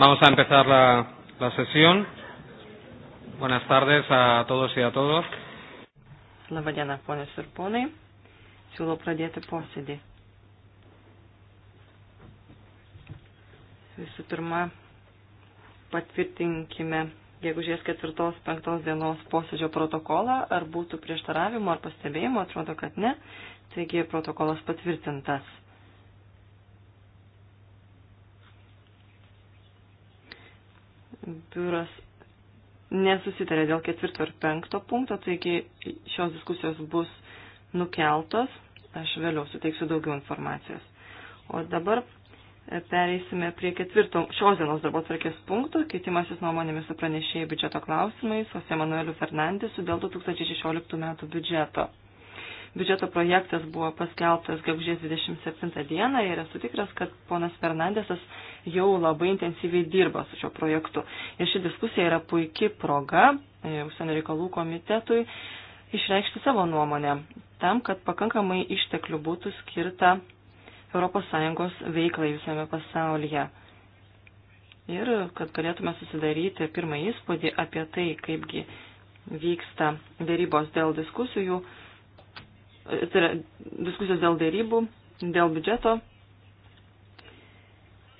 Vamos a empezar la, la sesión. Buenas tardes a todos y a todos. Labadiena, ponios ir ponai. Siūlau pradėti posėdį. Visų pirma, patvirtinkime gegužės 4-5 dienos posėdžio protokolą. Ar būtų prieštaravimo ar pastebėjimo? Atrodo, kad ne. Taigi protokolas patvirtintas. biuras nesusitarė dėl ketvirto ir penkto punkto, taigi šios diskusijos bus nukeltos. Aš vėliau suteiksiu daugiau informacijos. O dabar e, pereisime prie ketvirto šios dienos darbo tvarkės punktų, keitimasis nuomonėmis su pranešėjai biudžeto klausimais, Jose Manueliu Fernandesu dėl 2016 metų biudžeto. Biudžeto projektas buvo paskelbtas gegužės 27 dieną ir esu tikras, kad ponas Fernandesas jau labai intensyviai dirba su šio projektu. Ir ši diskusija yra puikia proga e, užsienio reikalų komitetui išreikšti savo nuomonę tam, kad pakankamai išteklių būtų skirta ES veiklai visame pasaulyje ir kad galėtume susidaryti pirmą įspūdį apie tai, kaipgi vyksta dėrybos dėl diskusijų tai yra diskusijos dėl dėrybų, dėl biudžeto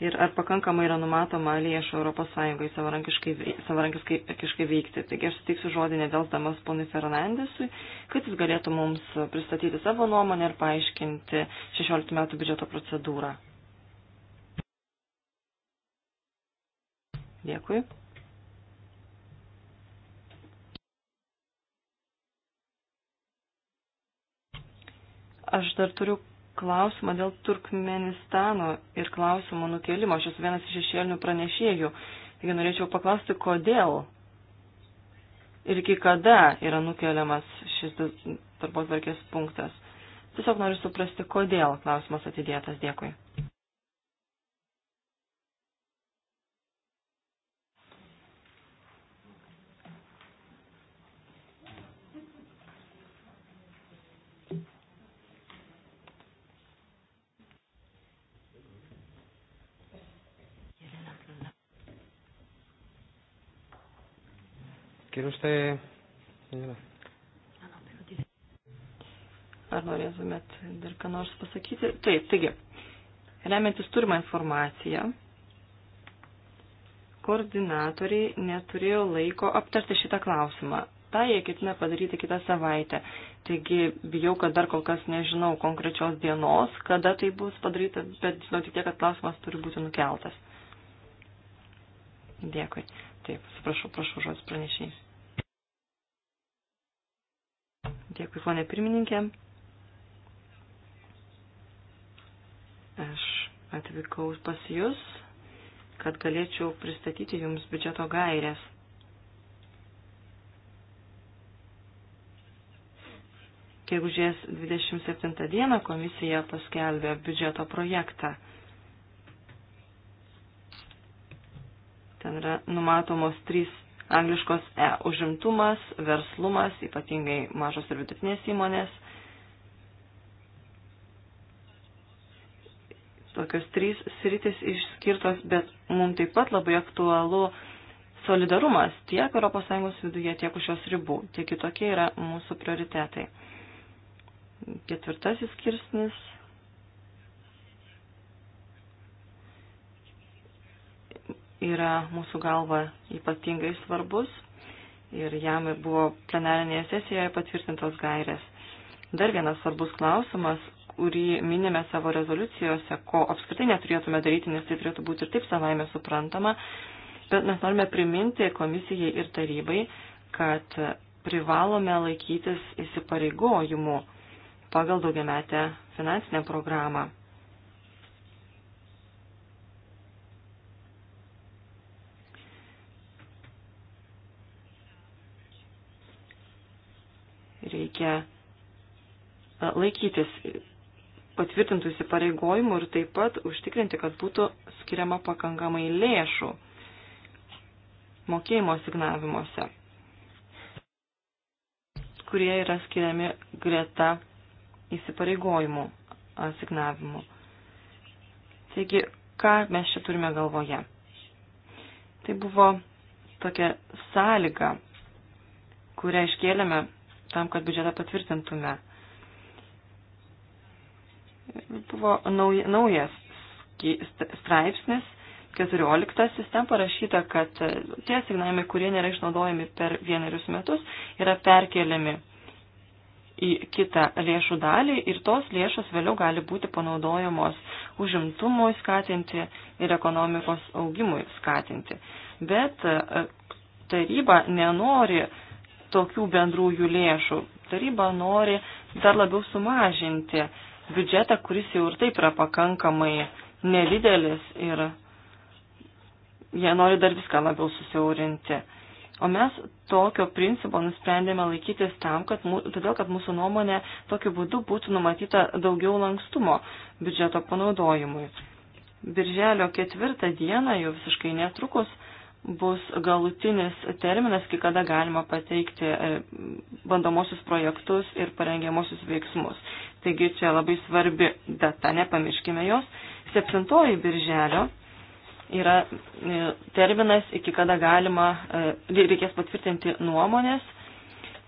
ir ar pakankamai yra numatoma lėšų Europos Sąjungai savarankiškai, savarankiškai veikti. Taigi aš suteiksiu žodį nedelsdamas ponui Fernandesui, kad jis galėtų mums pristatyti savo nuomonę ir paaiškinti 16 metų biudžeto procedūrą. Dėkui. Aš dar turiu klausimą dėl Turkmenistano ir klausimo nukelimo. Aš esu vienas iš šešėlinių pranešėjų. Taigi norėčiau paklausti, kodėl ir iki kada yra nukeliamas šis darbos varkės punktas. Tiesiog noriu suprasti, kodėl klausimas atidėtas. Dėkui. ¿Quiere usted, tai, señora? Ar norėtumėt dar ką nors pasakyti? Taip, taigi, remiantis turimą informaciją, koordinatoriai neturėjo laiko aptarti šitą klausimą. Ta jie ketina padaryti kitą savaitę. Taigi, bijau, kad dar kol kas nežinau konkrečios dienos, kada tai bus padaryta, bet žinau tik tiek, kad klausimas turi būti nukeltas. Dėkui. Taip, suprašau, prašau žodis pranešėjai. Dėkui, ponė pirmininkė. Aš atvykau pas Jūs, kad galėčiau pristatyti Jums biudžeto gairės. Gegužės 27 dieną komisija paskelbė biudžeto projektą. Ten yra numatomos trys angliškos E užimtumas, verslumas, ypatingai mažos ir vidutinės įmonės. Tokios trys sritis išskirtos, bet mums taip pat labai aktualu solidarumas tiek ES viduje, tiek už jos ribų. Tiek kitokie yra mūsų prioritetai. Ketvirtasis skirsnis yra mūsų galva ypatingai svarbus ir jam buvo plenarinėje sesijoje patvirtintos gairės. Dar vienas svarbus klausimas, kurį minime savo rezoliucijose, ko apskritai neturėtume daryti, nes tai turėtų būti ir taip savaime suprantama, bet mes norime priminti komisijai ir tarybai, kad privalome laikytis įsipareigojimų pagal daugiametę finansinę programą. reikia e, laikytis patvirtintų įsipareigojimų ir taip pat užtikrinti, kad būtų skiriama pakankamai lėšų mokėjimo signavimuose, kurie yra skiriami greta įsipareigojimų asignavimų. Taigi, ką mes čia turime galvoje? Tai buvo tokia sąlyga, kurią iškėlėme tam, kad biudžetą patvirtintume. Buvo naujas straipsnis, 14. Ten parašyta, kad tie asignavimai, kurie nėra išnaudojami per vienerius metus, yra perkeliami į kitą lėšų dalį ir tos lėšos vėliau gali būti panaudojamos užimtumui skatinti ir ekonomikos augimui skatinti. Bet e, taryba nenori tokių bendrųjų lėšų. Taryba nori dar labiau sumažinti biudžetą, kuris jau ir taip yra pakankamai nedidelis ir jie nori dar viską labiau susiaurinti. O mes tokio principo nusprendėme laikytis tam, kad, todėl, kad mūsų nuomonė tokiu būdu būtų numatyta daugiau lankstumo biudžeto panaudojimui. Birželio ketvirtą dieną, jau visiškai netrukus, bus galutinis terminas, kai kada galima pateikti e, bandomosius projektus ir parengiamosius veiksmus. Taigi čia labai svarbi data, nepamirškime jos. 7 birželio yra e, terminas, iki kada galima, e, reikės patvirtinti nuomonės,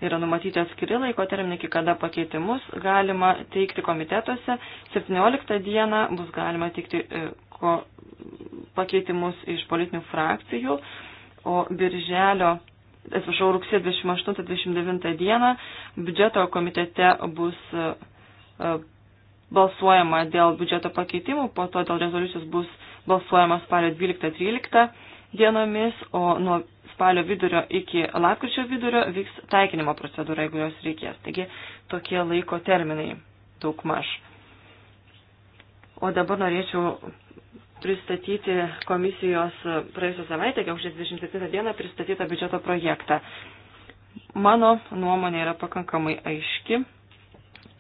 yra numatyti atskiri laiko terminai, iki kada pakeitimus galima teikti komitetuose, 17 dieną bus galima teikti sulaukų pakeitimus iš politinių frakcijų, o birželio, atsiprašau, rugsėjo 28-29 dieną biudžeto komitete bus e, balsuojama dėl biudžeto pakeitimų, po to dėl rezoliucijos bus balsuojama spalio 12-13 dienomis, o nuo spalio vidurio iki lapkričio vidurio vyks taikinimo procedūra, jeigu jos reikės. Taigi tokie laiko terminai daugmaž. O dabar norėčiau pristatyti komisijos praėjusią savaitę, kiaušės 27 dieną, pristatytą biudžeto projektą. Mano nuomonė yra pakankamai aiški.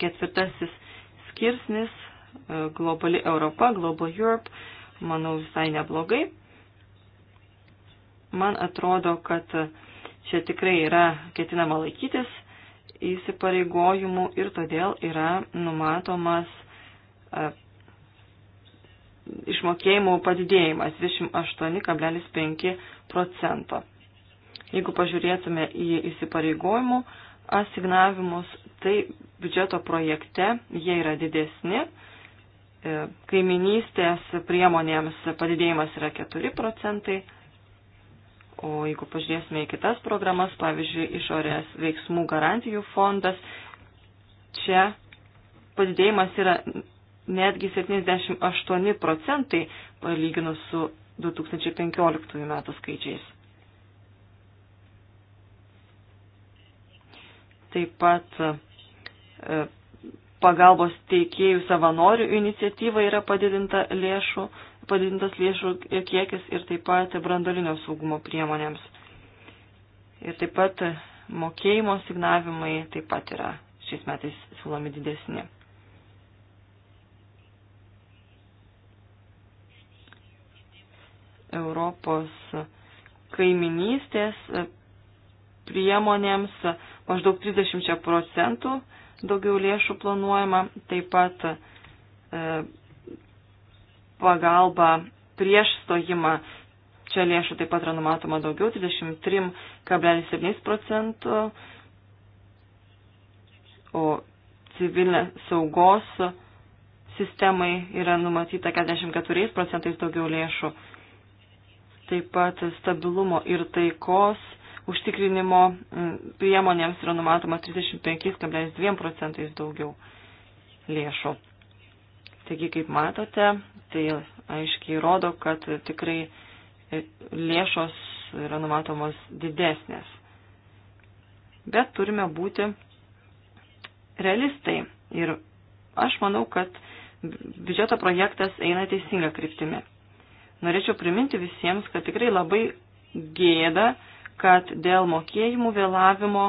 Ketvirtasis skirsnis e, Globali Europa, Global Europe, manau visai neblogai. Man atrodo, kad čia tikrai yra ketinama laikytis įsipareigojimų ir todėl yra numatomas e, išmokėjimų padidėjimas 28,5 procento. Jeigu pažiūrėtume į įsipareigojimų asignavimus, tai biudžeto projekte jie yra didesni. E, kaiminystės priemonėms padidėjimas yra 4 procentai, o jeigu pažiūrėsime į kitas programas, pavyzdžiui, išorės veiksmų garantijų fondas, čia padidėjimas yra netgi 78 procentai palyginus su 2015 metų skaičiais. Taip pat e, pagalbos teikėjų savanorių iniciatyva yra padidinta lėšų, padidintas lėšų kiekis ir taip pat brandolinio saugumo priemonėms. Ir taip pat mokėjimo signavimai taip pat yra šiais metais siūlomi didesni. Europos kaiminystės priemonėms maždaug 30 procentų daugiau lėšų planuojama, taip pat e, pagalba prieš stojimą. Čia lėšų taip pat yra numatoma daugiau, 33,7 procentų, o civilinės saugos sistemai yra numatyta 44 procentais daugiau lėšų. E, Taip pat stabilumo ir taikos užtikrinimo mm, priemonėms yra numatoma 35,2 procentais daugiau lėšų. Taigi, kaip matote, tai aiškiai rodo, kad tikrai e, lėšos yra numatomos didesnės. Bet turime būti realistai ir aš manau, kad biudžeto projektas eina teisinga kryptimi. Norėčiau priminti visiems, kad tikrai labai gėda, kad dėl mokėjimų vėlavimo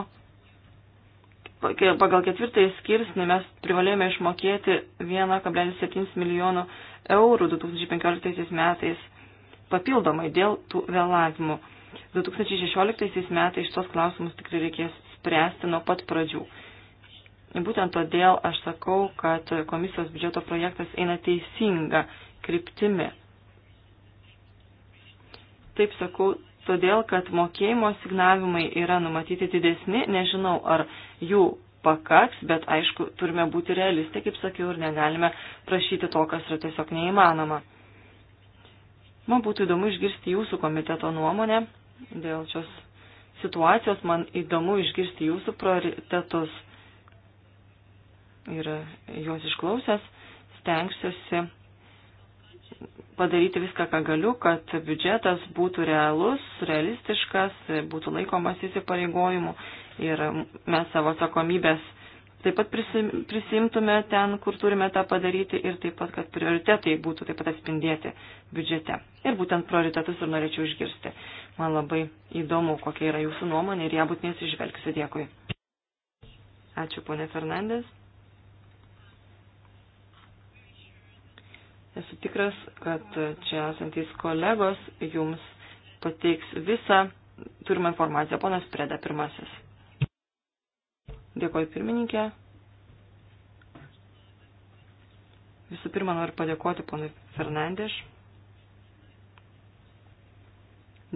pagal ketvirtąjį skirsnį mes privalėjome išmokėti 1,7 milijono eurų 2015 metais papildomai dėl tų vėlavimų. 2016 metais šitos klausimus tikrai reikės spręsti nuo pat pradžių. Būtent todėl aš sakau, kad komisijos biudžeto projektas eina teisinga kryptimi. Taip sakau, todėl kad mokėjimo signavimai yra numatyti didesni, nežinau ar jų pakaks, bet aišku, turime būti realistai, kaip sakiau, ir negalime prašyti to, kas yra tiesiog neįmanoma. Man būtų įdomu išgirsti jūsų komiteto nuomonę dėl šios situacijos, man įdomu išgirsti jūsų prioritetus ir juos išklausęs stengsiuosi padaryti viską, ką galiu, kad biudžetas būtų realus, realistiškas, būtų laikomas įsipareigojimų ir mes savo atsakomybės taip pat prisimtume ten, kur turime tą padaryti ir taip pat, kad prioritetai būtų taip pat atspindėti biudžete. Ir būtent prioritetus ir norėčiau išgirsti. Man labai įdomu, kokia yra jūsų nuomonė ir ją būtinai išvelgsiu. Dėkui. Ačiū, ponė Fernandės. Esu tikras, kad čia esantys kolegos jums pateiks visą turimą informaciją. Ponas Preda pirmasis. Dėkoju pirmininkė. Visų pirma, noriu padėkoti ponui Fernandeš.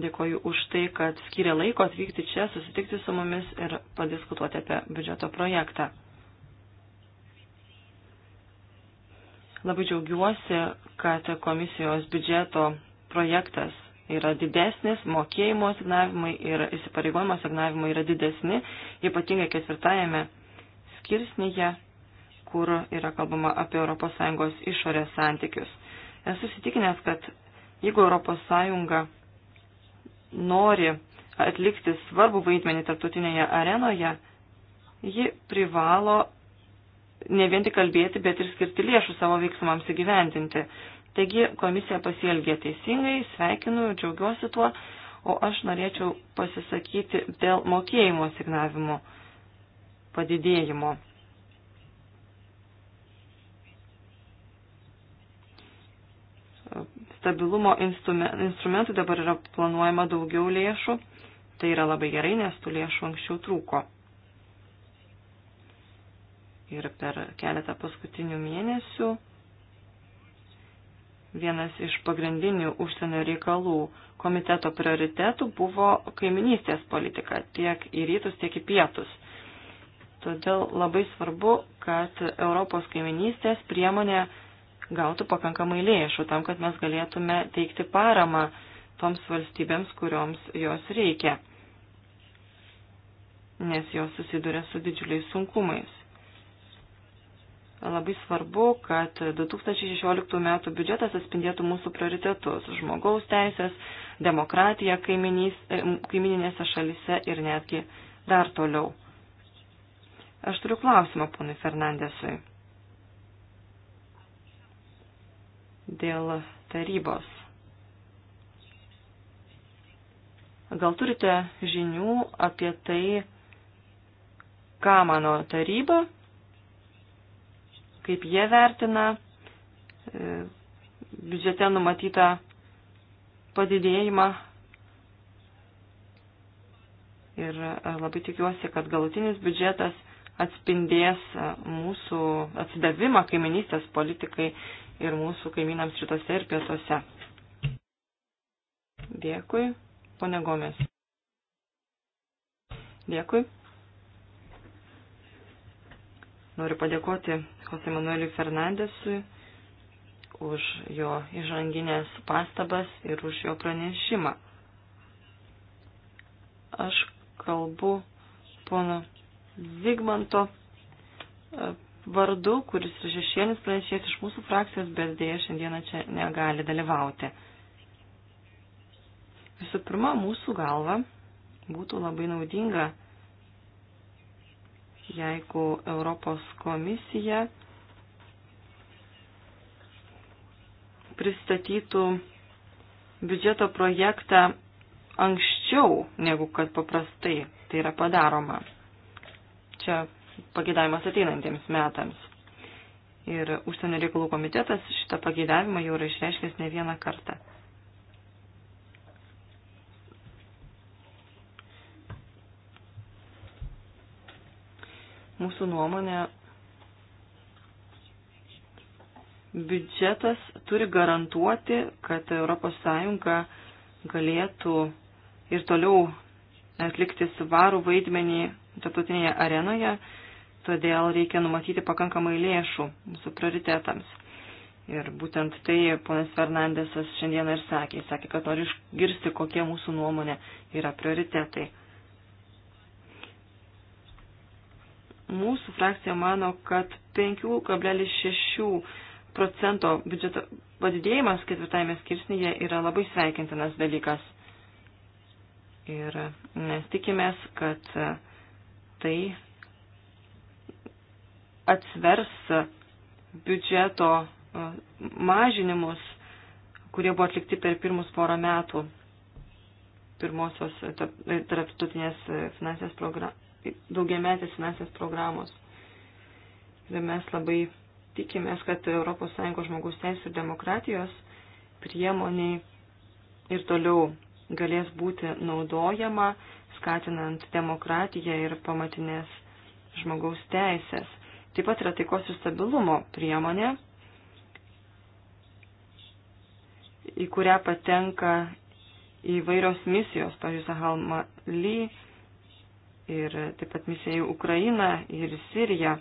Dėkoju už tai, kad skiria laiko atvykti čia, susitikti su mumis ir padiskutuoti apie biudžeto projektą. Labai džiaugiuosi, kad komisijos biudžeto projektas yra didesnis, mokėjimo asignavimai ir įsipareigojimo asignavimai yra didesni, ypatingai ketvirtajame skirsnyje, kur yra kalbama apie ES išorės santykius. Esu sitikinęs, kad jeigu ES nori atlikti svarbų vaidmenį tarptautinėje arenoje, ji privalo ne vien tik kalbėti, bet ir skirti lėšų savo veiksmams įgyvendinti. Taigi komisija pasielgė teisingai, sveikinu, džiaugiuosi tuo, o aš norėčiau pasisakyti dėl mokėjimo signavimo padidėjimo. Stabilumo instrumentui dabar yra planuojama daugiau lėšų. Tai yra labai gerai, nes tų lėšų anksčiau trūko ir per keletą paskutinių mėnesių vienas iš pagrindinių užsienio reikalų komiteto prioritetų buvo kaiminystės politika tiek į rytus, tiek į pietus. Todėl labai svarbu, kad Europos kaiminystės priemonė gautų pakankamai lėšų tam, kad mes galėtume teikti paramą toms valstybėms, kurioms jos reikia, nes jos susiduria su didžiuliais sunkumais. Labai svarbu, kad 2016 m. biudžetas atspindėtų mūsų prioritetus - žmogaus teisės, demokratija kaimininėse šalise ir netgi dar toliau. Aš turiu klausimą ponui Fernandesui. Dėl tarybos. Gal turite žinių apie tai, ką mano taryba kaip jie vertina e, biudžete numatytą padidėjimą. Ir e, labai tikiuosi, kad galutinis biudžetas atspindės e, mūsų atsidavimą kaiminystės politikai ir mūsų kaimynams šitose ir pietuose. Dėkui, pone Gomes. Dėkui. Noriu padėkoti Jose Manueliui Fernandesui už jo įžanginės pastabas ir už jo pranešimą. Aš kalbu pono Zigmanto e, vardu, kuris yra šešienis pranešėjas iš mūsų frakcijos, bet dėja šiandieną čia negali dalyvauti. Visų pirma, mūsų galva būtų labai naudinga, jeigu Europos komisija pristatytų biudžeto projektą anksčiau, negu kad paprastai tai yra padaroma. Čia pagėdavimas ateinantiems metams. Ir užsienio reikalų komitetas šitą pagėdavimą jau yra išreiškęs ne vieną kartą. Mūsų nuomonė biudžetas turi garantuoti, kad ES galėtų ir toliau atlikti svarų vaidmenį tarptautinėje arenoje, todėl reikia numatyti pakankamai lėšų mūsų prioritetams. Ir būtent tai ponas Fernandesas šiandieną ir sakė. Jis sakė, kad nori išgirsti, kokie mūsų nuomonė yra prioritetai. Mūsų frakcija mano, kad 5,6 procento biudžeto padidėjimas ketvirtame skirsnyje yra labai sveikintinas dalykas. Ir mes tikimės, kad tai atsvers biudžeto e, mažinimus, kurie buvo atlikti per pirmus porą metų pirmosios e, tarptautinės e, finansės programos daugiametės finansės programos. Ir mes labai Tikimės, kad ES žmogaus teisų ir demokratijos priemoniai ir toliau galės būti naudojama, skatinant demokratiją ir pamatinės žmogaus teisės. Taip pat yra taikos ir stabilumo priemonė, į kurią patenka įvairios misijos, pavyzdžiui, Sahal Mali ir taip pat misija į Ukrainą ir Siriją.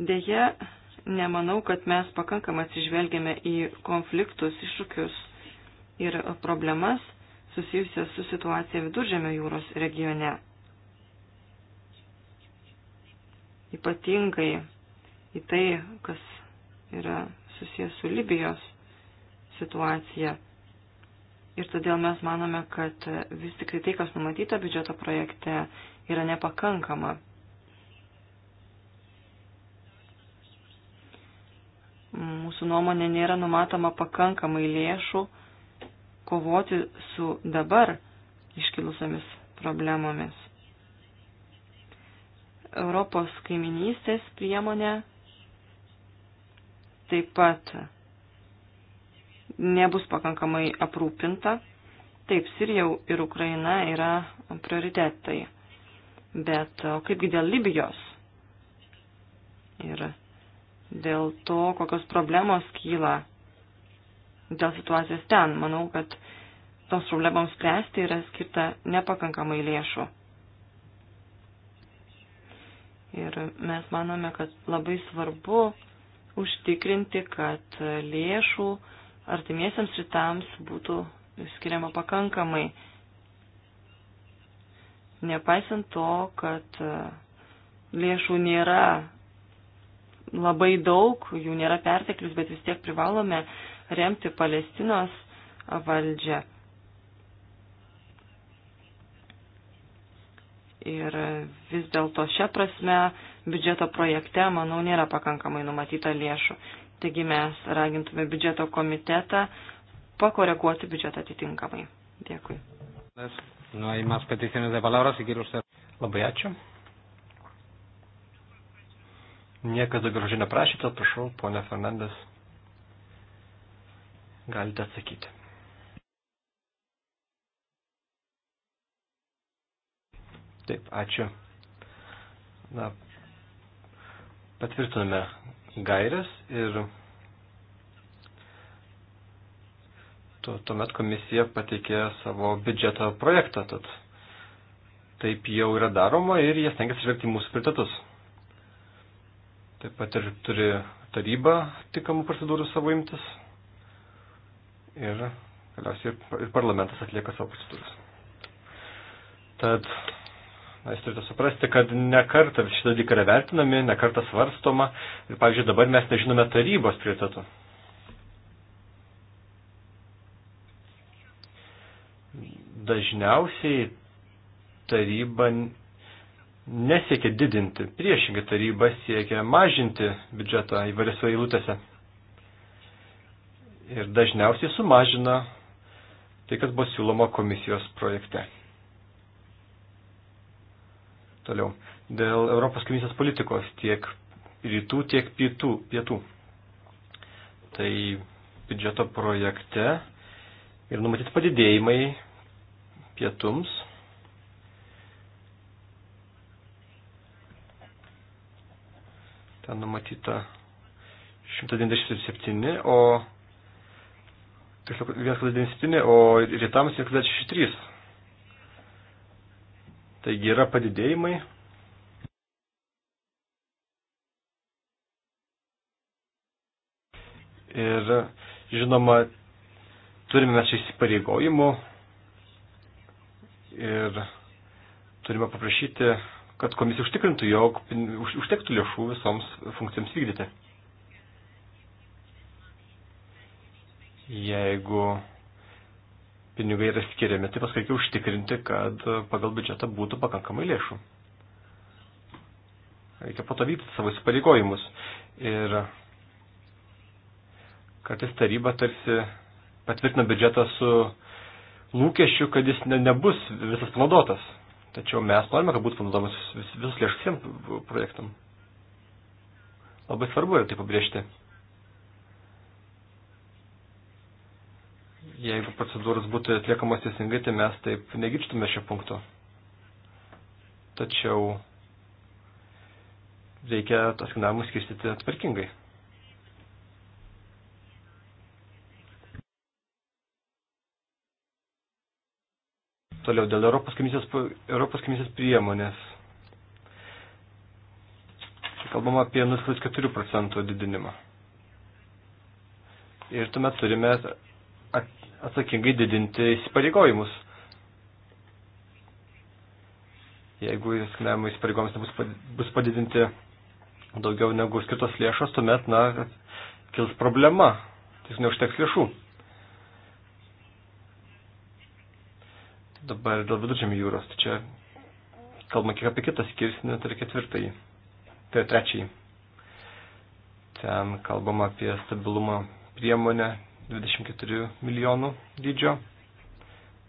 Deja, nemanau, kad mes pakankamai atsižvelgiame į konfliktus, iššūkius ir problemas susijusias su situacija Viduržėmio jūros regione. Ypatingai į tai, kas yra susijęs su Libijos situacija. Ir todėl mes manome, kad vis tik tai, kas numatyta biudžeto projekte, yra nepakankama mūsų nuomonė nėra numatoma pakankamai lėšų kovoti su dabar iškilusiamis problemomis. Europos kaiminystės priemonė taip pat nebus pakankamai aprūpinta. Taip, Sirija ir Ukraina yra prioritetai. Bet o kaipgi dėl Libijos ir dėl to, kokios problemos kyla dėl situacijos ten. Manau, kad toms problemams spręsti yra skirta nepakankamai lėšų. Ir mes manome, kad labai svarbu užtikrinti, kad lėšų artimiesiams rytams būtų skiriama pakankamai. Nepaisant to, kad lėšų nėra labai daug, jų nėra perteklius, bet vis tiek privalome remti Palestinos valdžią. Ir vis dėlto šią prasme biudžeto projekte, manau, nėra pakankamai numatyta lėšų. Taigi mes ragintume biudžeto komitetą pakoreguoti biudžetą atitinkamai. Dėkui. No hay más peticiones de palabras, si quiere usted. Labai ačiū. Niekas daugiau žodžio neprašyta, prašau, ponia Fernandes, galite atsakyti. Taip, ačiū. Na, patvirtiname gairias ir tu, tuomet komisija pateikė savo biudžeto projektą, tad taip jau yra daroma ir jie stengiasi žvelgti mūsų prioritetus. Taip pat ir turi taryba tikamų procedūrų savo imtis. Ir galiausiai ir parlamentas atlieka savo procedūras. Tad, na, jūs turite suprasti, kad nekartą šitą dalyką yra vertinami, nekartą svarstoma. Ir, pavyzdžiui, dabar mes nežinome tarybos prioritetų. Dažniausiai taryba nesiekia didinti, priešingai taryba siekia mažinti biudžetą įvairiose eilutėse. Ir dažniausiai sumažina tai, kas buvo siūloma komisijos projekte. Toliau. Dėl Europos komisijos politikos tiek rytų, tiek pietų. pietų. Tai biudžeto projekte ir numatyti padidėjimai pietums ten numatyta 197, o tiksliau 1,97, o rytams 1,63. Taigi yra padidėjimai. Ir žinoma, turime mes įsipareigojimų ir turime paprašyti kad komisija užtikrintų, jog užtektų lėšų visoms funkcijoms vykdyti. Jeigu pinigai yra skiriami, tai paskui reikia užtikrinti, kad pagal biudžetą būtų pakankamai lėšų. Reikia patavyti savo įsipareigojimus. Ir kartais taryba tarsi patvirtina biudžetą su lūkesčiu, kad jis ne, nebus visas panaudotas. Tačiau mes norime, kad būtų panaudomas vis, visos lėšos visiems projektam. Labai svarbu yra tai pabrėžti. Jeigu procedūros būtų atliekamas teisingai, tai mes taip negirštume šio punkto. Tačiau reikia tas finansavimus skirstyti atvarkingai. Toliau dėl Europos komisijos, Europos komisijos priemonės. Kalbama apie 0,4 procentų didinimą. Ir tuomet turime atsakingai didinti įsipareigojimus. Jeigu įsipareigojimus nebus bus padidinti daugiau negu skirtos lėšos, tuomet, na, kils problema. Tiesiog neužteks lėšų. Dabar dėl viduržėmio jūros, tai čia kalbame kiek apie kitą skirsnį, tai ketvirtąjį, tai trečiąjį. Ten kalbama apie stabilumo priemonę 24 milijonų dydžio,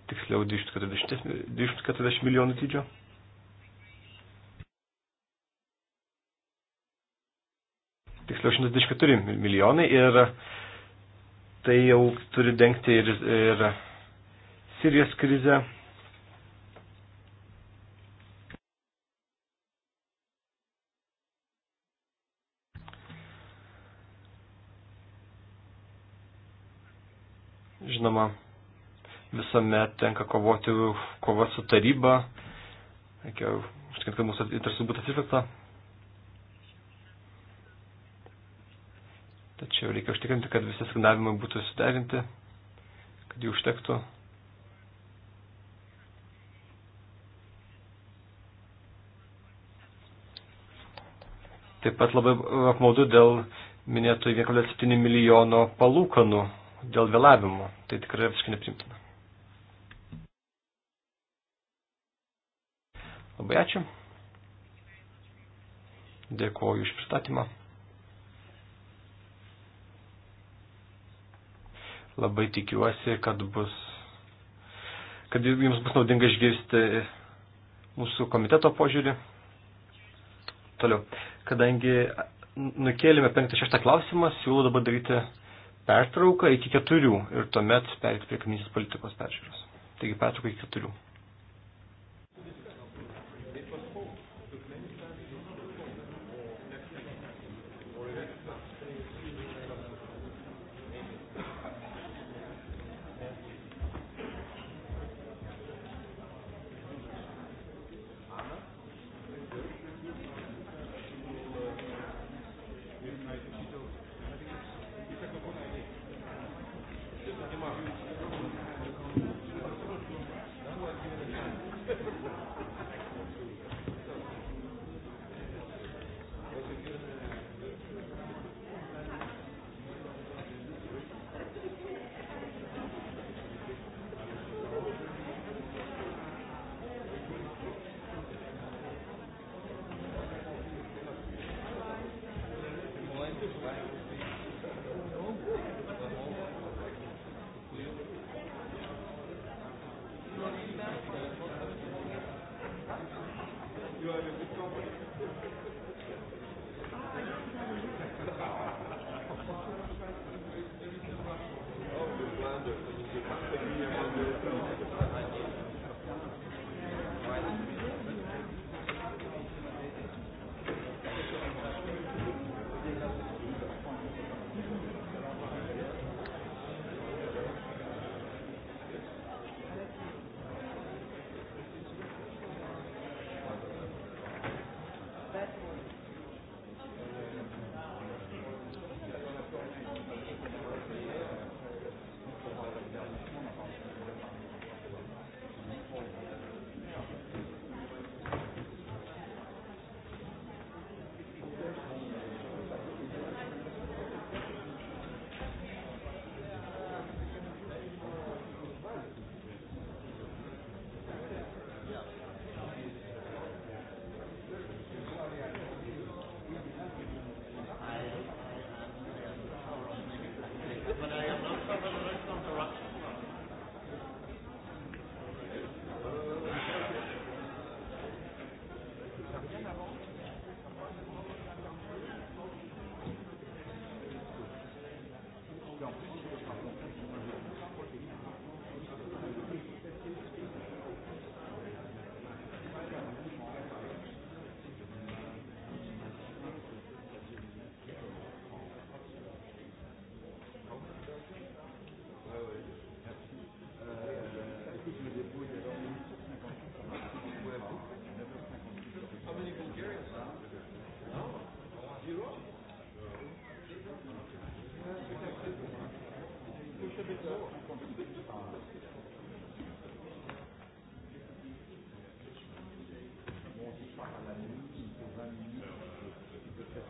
tiksliau 240, 240 milijonų dydžio. Tiksliau 124 milijonai ir tai jau turi dengti ir, ir Sirijos krizę, visuomet tenka kovoti kova su taryba. Reikia užtikrinti, kad mūsų interesų būtų atsižvelgta. Tačiau reikia užtikrinti, kad visi signavimai būtų suderinti, kad jų užtektų. Taip pat labai apmaudu dėl minėtų 1,7 milijono palūkanų dėl vėlavimo. Tai tikrai visiškai neprimtina. Labai ačiū. Dėkuoju iš pristatymą. Labai tikiuosi, kad bus kad jums bus naudinga išgirsti mūsų komiteto požiūrį. Toliau, kadangi nukėlėme 5-6 klausimą, siūlau dabar daryti pertrauką iki 4 ir tuomet perėti prie kaminės politikos peržiūros. Taigi pertrauka iki 4. Gracias.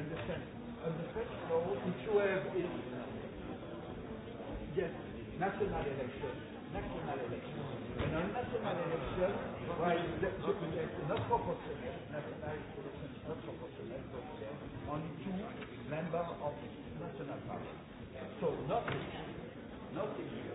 understand. Understand? No, if you have it, yes, national election, national election. And on national election, while the, the, the, not proportional, national election is not proportional, but only two members of national parliament. So nothing, nothing.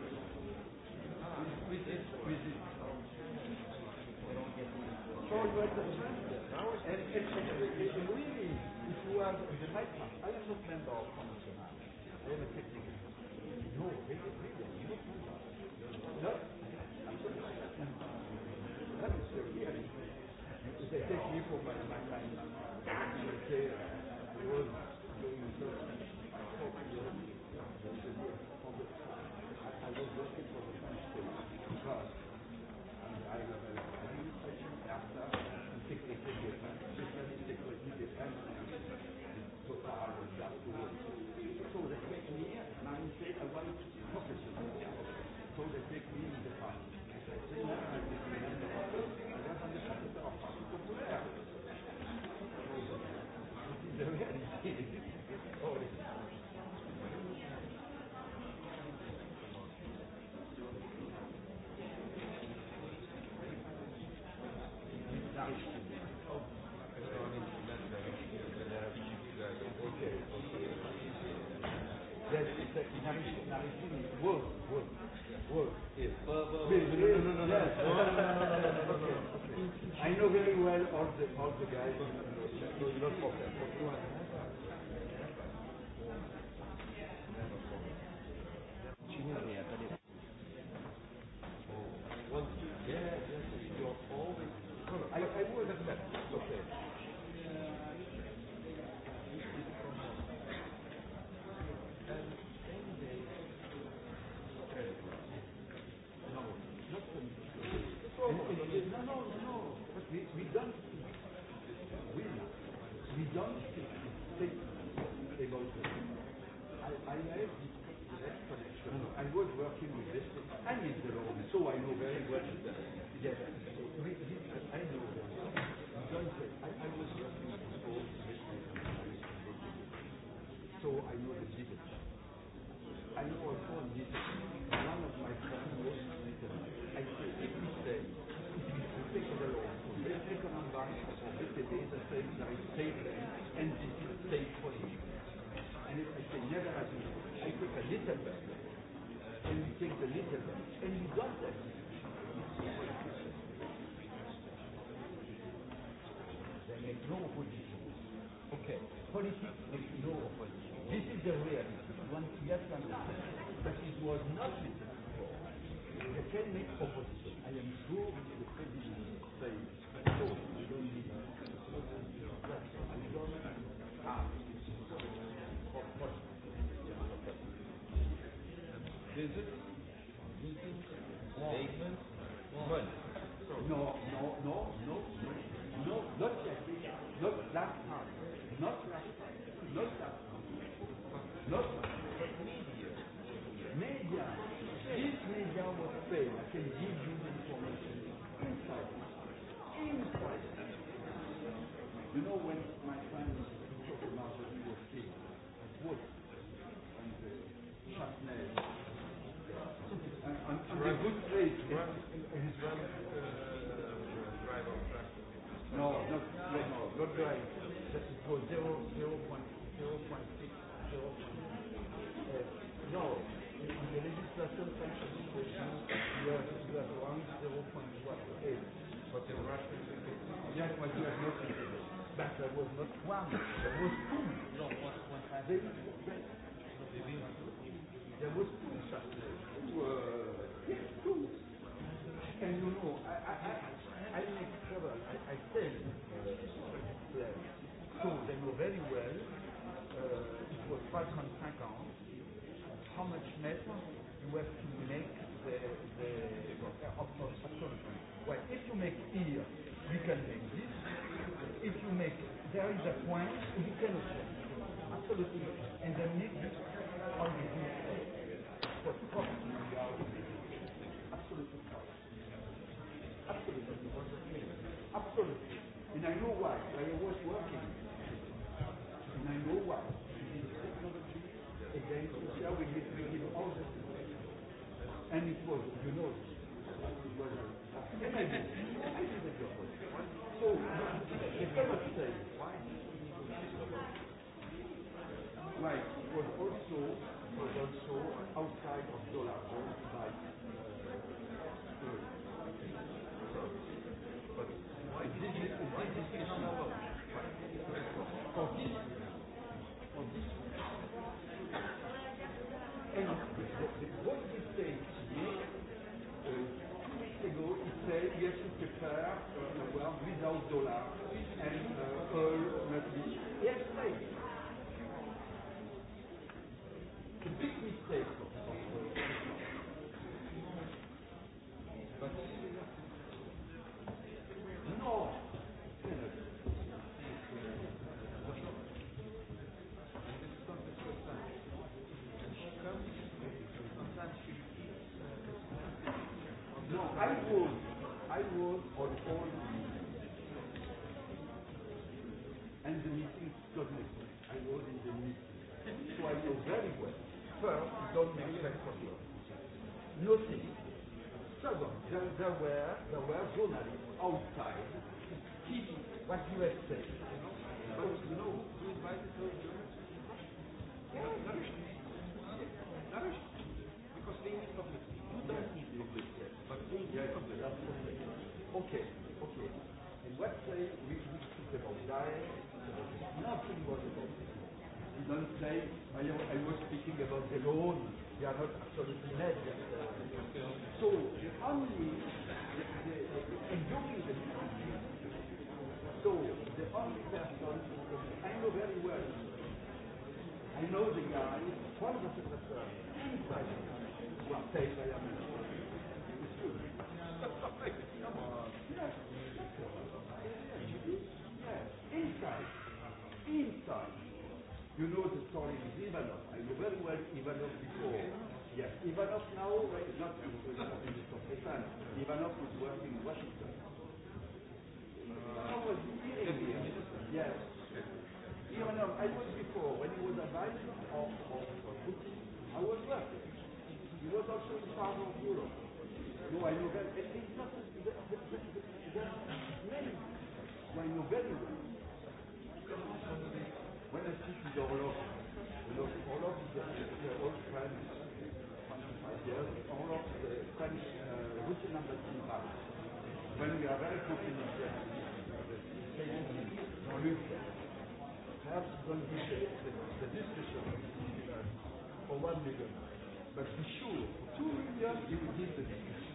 yes. No, no, no, no, no, no, no, no. I know very well all the all the guys in the not poker, for two hundred. No, not, yeah, no, not dry. That it was zero, zero point, zero point six, zero point. Uh, no, in the legislation function equation, you have, you have around zero point one eight. But the Russian, yes, but you have not included. But there was not one, there was two. No, one, one. There was two. there is a point you can absolutely and the next on the for two properties absolutely absolutely absolutely and I know why I was working and I know why and then share with me to give all the and it was you know it was what can I do? like was also was also outside of dollar zone by uh, but why did it why did it come out for this for this and what he said here uh, ago he said yes we prepare uh, a world without dollar only person I know very well. I know the guy, one of the secretaries, inside the country, who are paid by a man. It's true. Come on. Yes. Yes. Inside. Inside. You know the story with Ivanov. I know very well Ivanov before. Yes, Ivanov now is not in the Ivanov was working in Washington. Uh, How was he? Yes. Here and now, I was before, when he was advisor of, of Putin, I was working. He was also in part of Europe. No, I know very well. It's not, there are many who I know very well. When I speak with Orlov, Orlov, Orlov is an uh, uh, old friend, five years, Orlov is the Spanish uh, Russian embassy in Paris. When we are very confident, uh, Jean-Luc, perhaps don't be sadistic for one million, but for sure, for two million, you will give the discussion.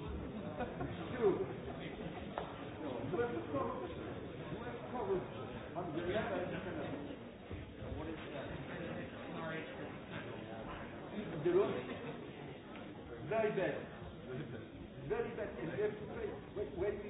Sure. No, you have the courage. You have courage. On the other hand, what is that? Sorry. The road very bad. Very bad. And we have to pay. When we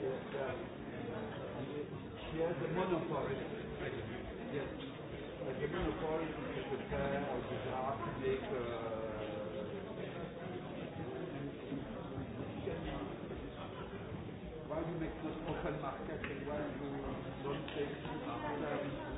She has a monopoly. Yes. Like a monopoly, she could care or desire to make. Uh, why you make this open market and why you don't take service?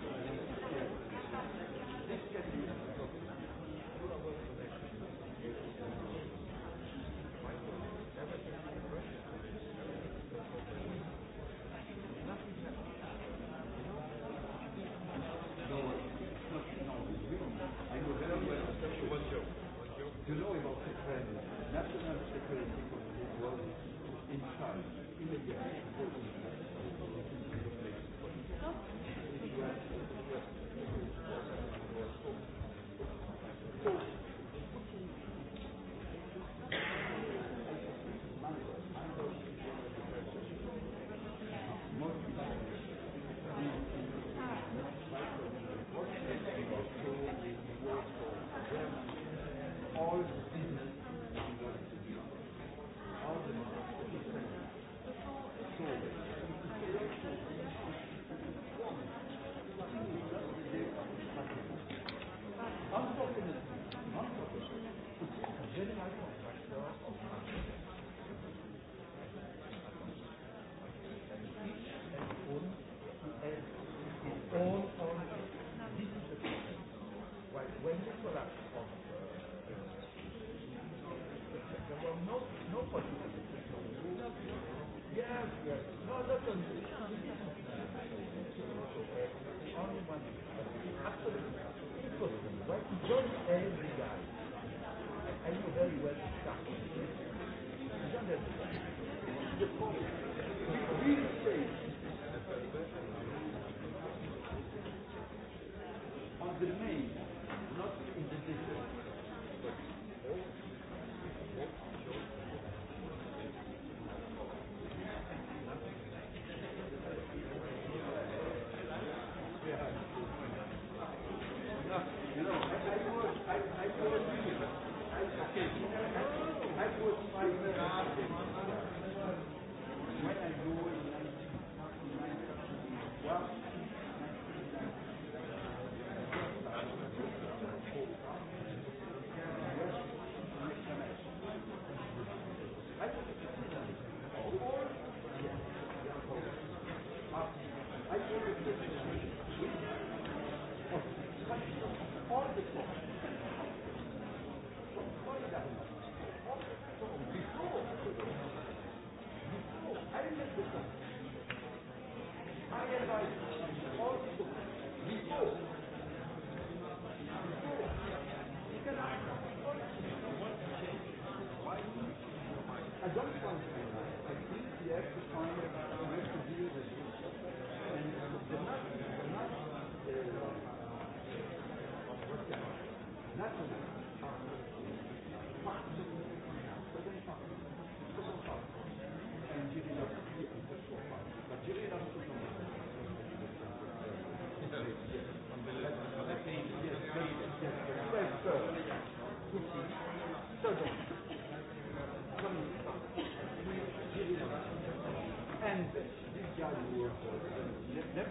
Thank you.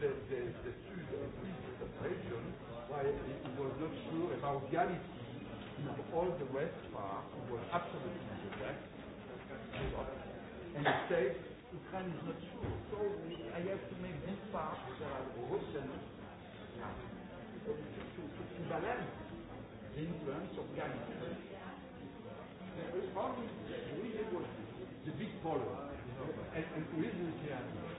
the, the, the separation, why it was not sure about reality of all the rest part was absolutely correct. And it says, Ukraine is not sure, so I have to make this part, the Russian, to, to, to balance the influence of reality. The, the big polar, you know, and, and with the reality.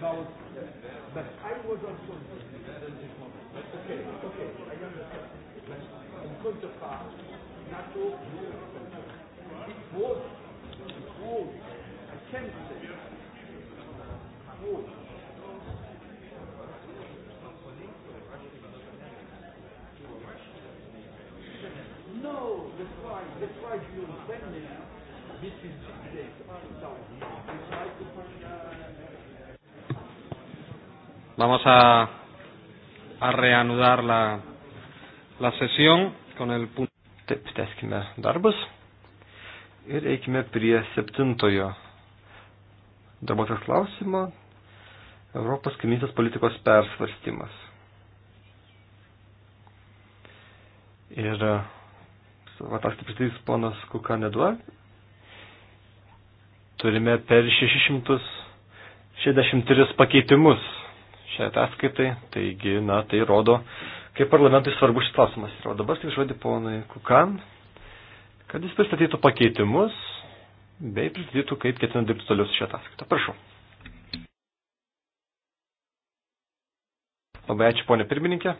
about that. But I was also. Okay, okay, I understand. But in counterpart, NATO, it was, it was, I can say, it was. No, that's why, that's why you were standing between Vamos a, a reanudar la, la sesión con el punto. Taip, teskime darbus ir eikime prie septintojo darbotės klausimo Europos kaimynės politikos persvarstymas. Ir ataskaitą pristatys ponas Kukanedua. Turime per 663 pakeitimus šiai ataskaitai. Taigi, na, tai rodo, kaip parlamentui svarbu šis klausimas. O dabar tik žodį ponui Kukan, kad jis pristatytų pakeitimus bei pristatytų, kaip ketina dirbti toliau su šią ataskaitą. Prašau. Labai ačiū, ponė pirmininkė.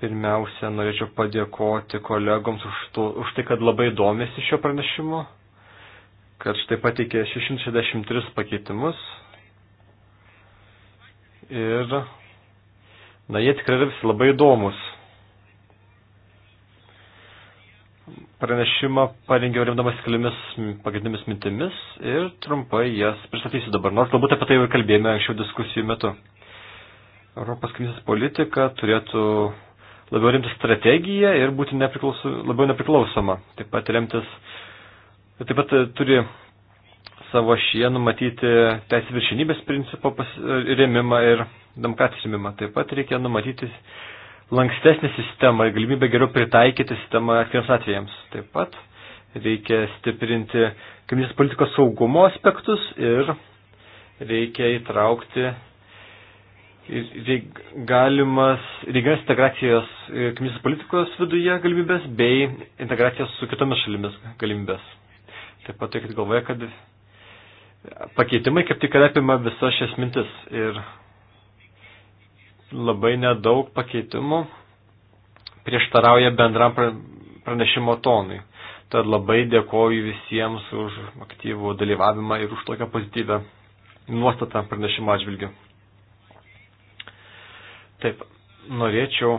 Pirmiausia, norėčiau padėkoti kolegoms už, to, už tai, kad labai domėsi šio pranešimu, kad štai pateikė 663 pakeitimus, ir, na, jie tikrai visi labai įdomus. Pranešimą parengiau remdamas keliomis pagrindinėmis mintimis ir trumpai jas pristatysiu dabar, nors galbūt apie tai jau kalbėjome anksčiau diskusijų metu. Europos komisijos politika turėtų labiau rimtis strategiją ir būti nepriklauso, labiau nepriklausoma. Taip pat remtis, taip pat turi savo šie numatyti teisės viršinybės principo rėmimą ir demokratijos rėmimą. Taip pat reikia numatyti lankstesnį sistemą ir galimybę geriau pritaikyti sistemą atskiriams atvejams. Taip pat reikia stiprinti kaiminės politikos saugumo aspektus ir reikia įtraukti reik, galimas reikiamas integracijos e, kaiminės politikos viduje galimybės bei integracijos su kitomis šalimis galimybės. Taip pat turėkit galvoje, kad pakeitimai kaip tik apima visas šias mintis ir labai nedaug pakeitimų prieštarauja bendram pranešimo tonui. Tad labai dėkoju visiems už aktyvų dalyvavimą ir už tokią pozityvę nuostatą pranešimo atžvilgiu. Taip, norėčiau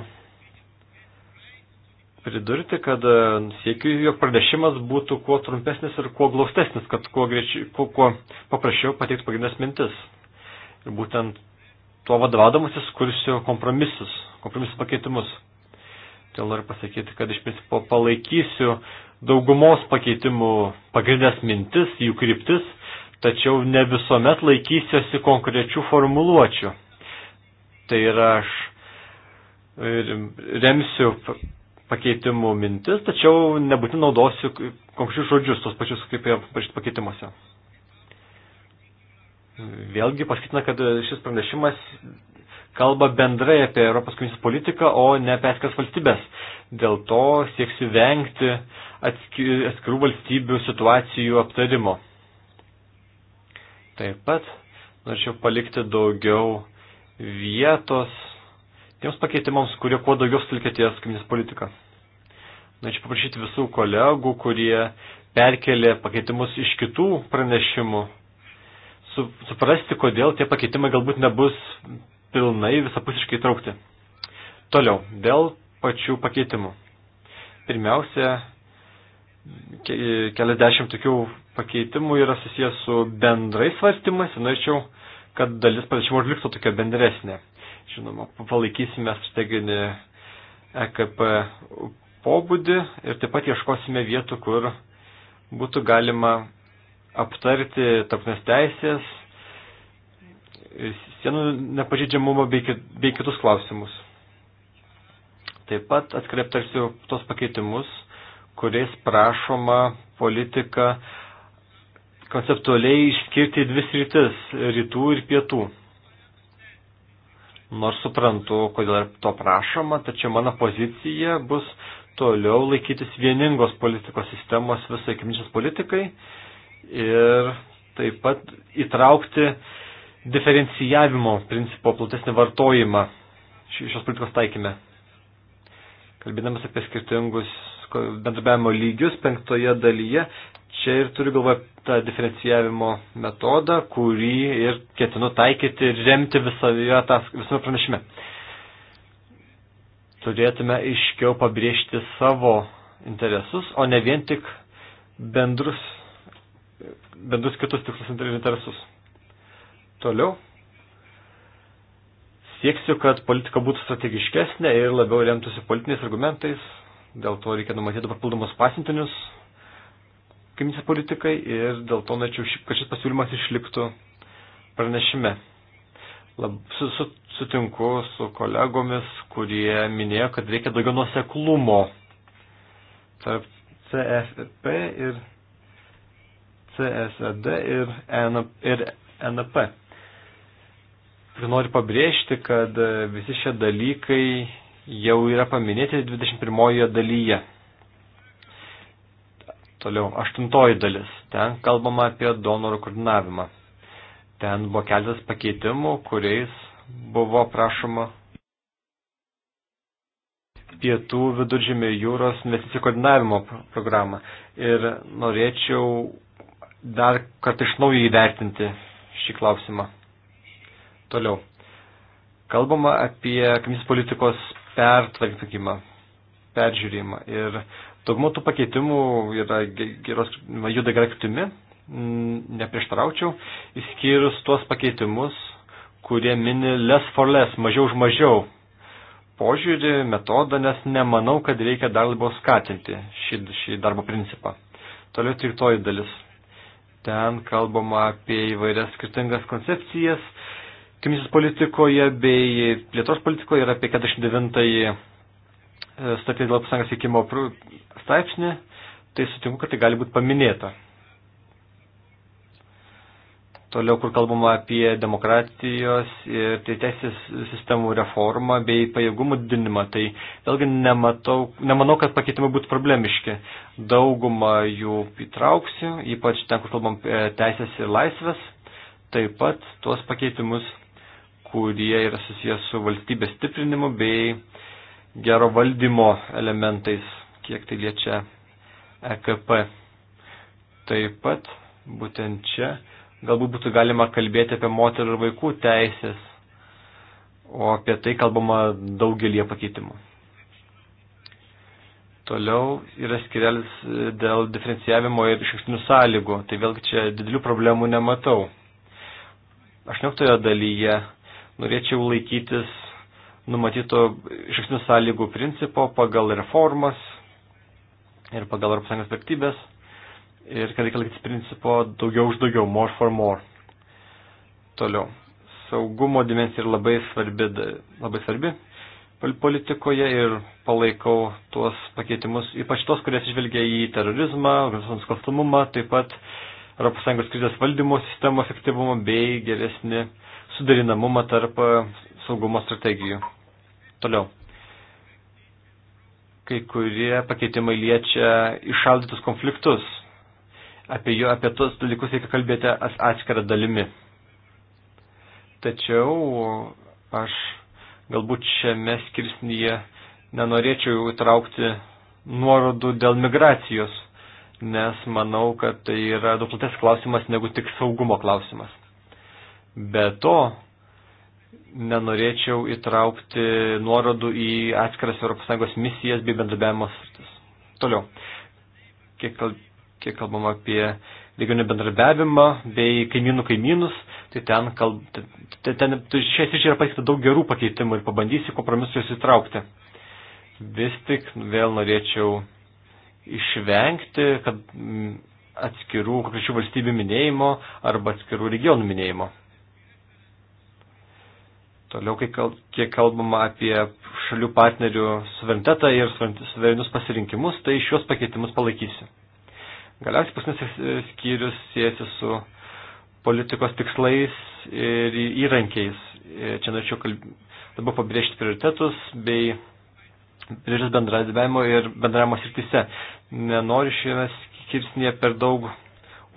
pridurti, kad e, siekiu, jog pranešimas būtų kuo trumpesnis ir kuo glaustesnis, kad kuo, greičiau, kuo, kuo paprasčiau pateiktų pagrindinės mintis. Ir būtent tuo vadovadamasis kursiu kompromisus, kompromisus pakeitimus. Todėl noriu pasakyti, kad iš principo palaikysiu daugumos pakeitimų pagrindinės mintis, jų kryptis, tačiau ne visuomet laikysiuosi konkrečių formuluočių. Tai yra aš e, remsiu pakeitimų mintis, tačiau nebūtinai naudosiu konkrečius žodžius, tos pačius kaip jie parašyti pakeitimuose. Vėlgi pasakytina, kad šis pranešimas kalba bendrai apie Europos komisijos politiką, o ne apie atskiras valstybės. Dėl to sieksiu vengti atskirų valstybių situacijų aptarimo. Taip pat norėčiau palikti daugiau vietos tiems pakeitimams, kurie kuo daugiau sutelkia ties kaiminės politiką. Norėčiau paprašyti visų kolegų, kurie perkelė pakeitimus iš kitų pranešimų, su, suprasti, kodėl tie pakeitimai galbūt nebus pilnai visapusiškai traukti. Toliau, dėl pačių pakeitimų. Pirmiausia, keliasdešimt tokių pakeitimų yra susijęs su bendrais svarstymais ir norėčiau, kad dalis pranešimų liktų tokia bendresnė. Žinoma, palaikysime strateginį EKP pobūdį ir taip pat ieškosime vietų, kur būtų galima aptarti tarpnes teisės, sienų nepažydžiamumą bei, bei kitus klausimus. Taip pat atkreiptarsiu tos pakeitimus, kuriais prašoma politika konceptualiai išskirti dvi sritis - rytų ir pietų nors suprantu, kodėl to prašoma, tačiau mano pozicija bus toliau laikytis vieningos politikos sistemos visai kimčios politikai ir taip pat įtraukti diferencijavimo principo platesnį vartojimą šios politikos taikymę. Kalbėdamas apie skirtingus bendrabiavimo lygius penktoje dalyje. Čia ir turiu galvoje tą diferencijavimo metodą, kurį ir ketinu taikyti ir remti visoje visame pranešime. Turėtume aiškiau pabrėžti savo interesus, o ne vien tik bendrus, bendrus kitus tikslus ir interesus. Toliau sieksiu, kad politika būtų strategiškesnė ir labiau remtųsi politiniais argumentais, dėl to reikia numatyti papildomus pasintinius kaiminės politikai ir dėl to norėčiau, kad šis pasiūlymas išliktų pranešime. Lab, su, su, sutinku su kolegomis, kurie minėjo, kad reikia daugiau nuoseklumo tarp CFP ir CSAD e ir, ENAP, ir NAP. Ir noriu pabrėžti, kad visi šie dalykai jau yra paminėti 21 dalyje. Toliau, aštuntoji dalis. Ten kalbama apie donorų koordinavimą. Ten buvo keltas pakeitimų, kuriais buvo prašoma pietų viduržėmio jūros investicijų koordinavimo programą. Ir norėčiau dar kartą iš naujo įvertinti šį klausimą. Toliau. Kalbama apie komisijos politikos pertvarkymą, peržiūrėjimą. Ir daugumą tų pakeitimų yra geros, juda gerai kryptimi, neprieštaraučiau, įskyrus tuos pakeitimus, kurie mini less for less, mažiau už mažiau požiūrį, metodą, nes nemanau, kad reikia dar labiau skatinti šį, šį darbo principą. Toliau triktoji dalis. Ten kalbama apie įvairias skirtingas koncepcijas, komisijos politikoje bei plėtos politikoje yra apie 49 e, statys dėl pasangas veikimo straipsnį, tai sutinku, kad tai gali būti paminėta. Toliau, kur kalbama apie demokratijos ir tai teisės sistemų reformą bei pajėgumų didinimą, tai vėlgi nematau, nemanau, kad pakeitimai būtų problemiški. Daugumą jų įtrauksiu, ypač ten, kur kalbam apie teisės ir laisvės, taip pat tuos pakeitimus kurie yra susijęs su valstybės stiprinimu bei gero valdymo elementais, kiek tai liečia EKP. Taip pat būtent čia galbūt būtų galima kalbėti apie moterų ir vaikų teisės, o apie tai kalbama daugelie pakeitimų. Toliau yra skirelis dėl diferencijavimo ir išankstinių sąlygų, tai vėlgi čia didelių problemų nematau. 18 dalyje norėčiau laikytis numatyto išankstinių sąlygų principo pagal reformas ir pagal Europos Sąjungos vertybės ir kad reikia laikytis principo daugiau už daugiau, more for more. Toliau. Saugumo dimensija yra labai svarbi, labai svarbi politikoje ir palaikau tuos pakeitimus, ypač tos, kurias išvelgia į terorizmą, nusikalstamumą, taip pat ES krizės valdymo sistemo efektyvumą bei geresnį sudarinamumą tarp e, saugumo strategijų. Toliau. Kai kurie pakeitimai liečia išaldytus konfliktus. Apie, jo, apie tos dalykus reikia kalbėti atskirą dalimi. Tačiau aš galbūt šiame skirsnyje nenorėčiau įtraukti nuorodų dėl migracijos, nes manau, kad tai yra daug platesnis klausimas negu tik saugumo klausimas. Be to, nenorėčiau įtraukti nuorodų į atskiras ES misijas bei bendradarbiavimo sritis. Toliau, kiek, kalb, kiek kalbam apie regioninį bendradarbiavimą bei kaimynų kaimynus, tai ten, kalb, ten, ten šiai sričiai yra pateikta daug gerų pakeitimų ir pabandysiu kompromisus įtraukti. Vis tik vėl norėčiau išvengti, kad atskirų konkrečių valstybių minėjimo arba atskirų regionų minėjimo Toliau, kai kal, kiek kalbama apie šalių partnerių suverenitetą ir suverenius pasirinkimus, tai šios pakeitimus palaikysiu. Galiausiai paskutinis skyrius siejasi su politikos tikslais ir įrankiais. E, čia norėčiau kalb... labiau pabrėžti prioritetus bei priežas bendradarbiavimo ir bendravimo srityse. Nenoriu šiame skirsnėje per daug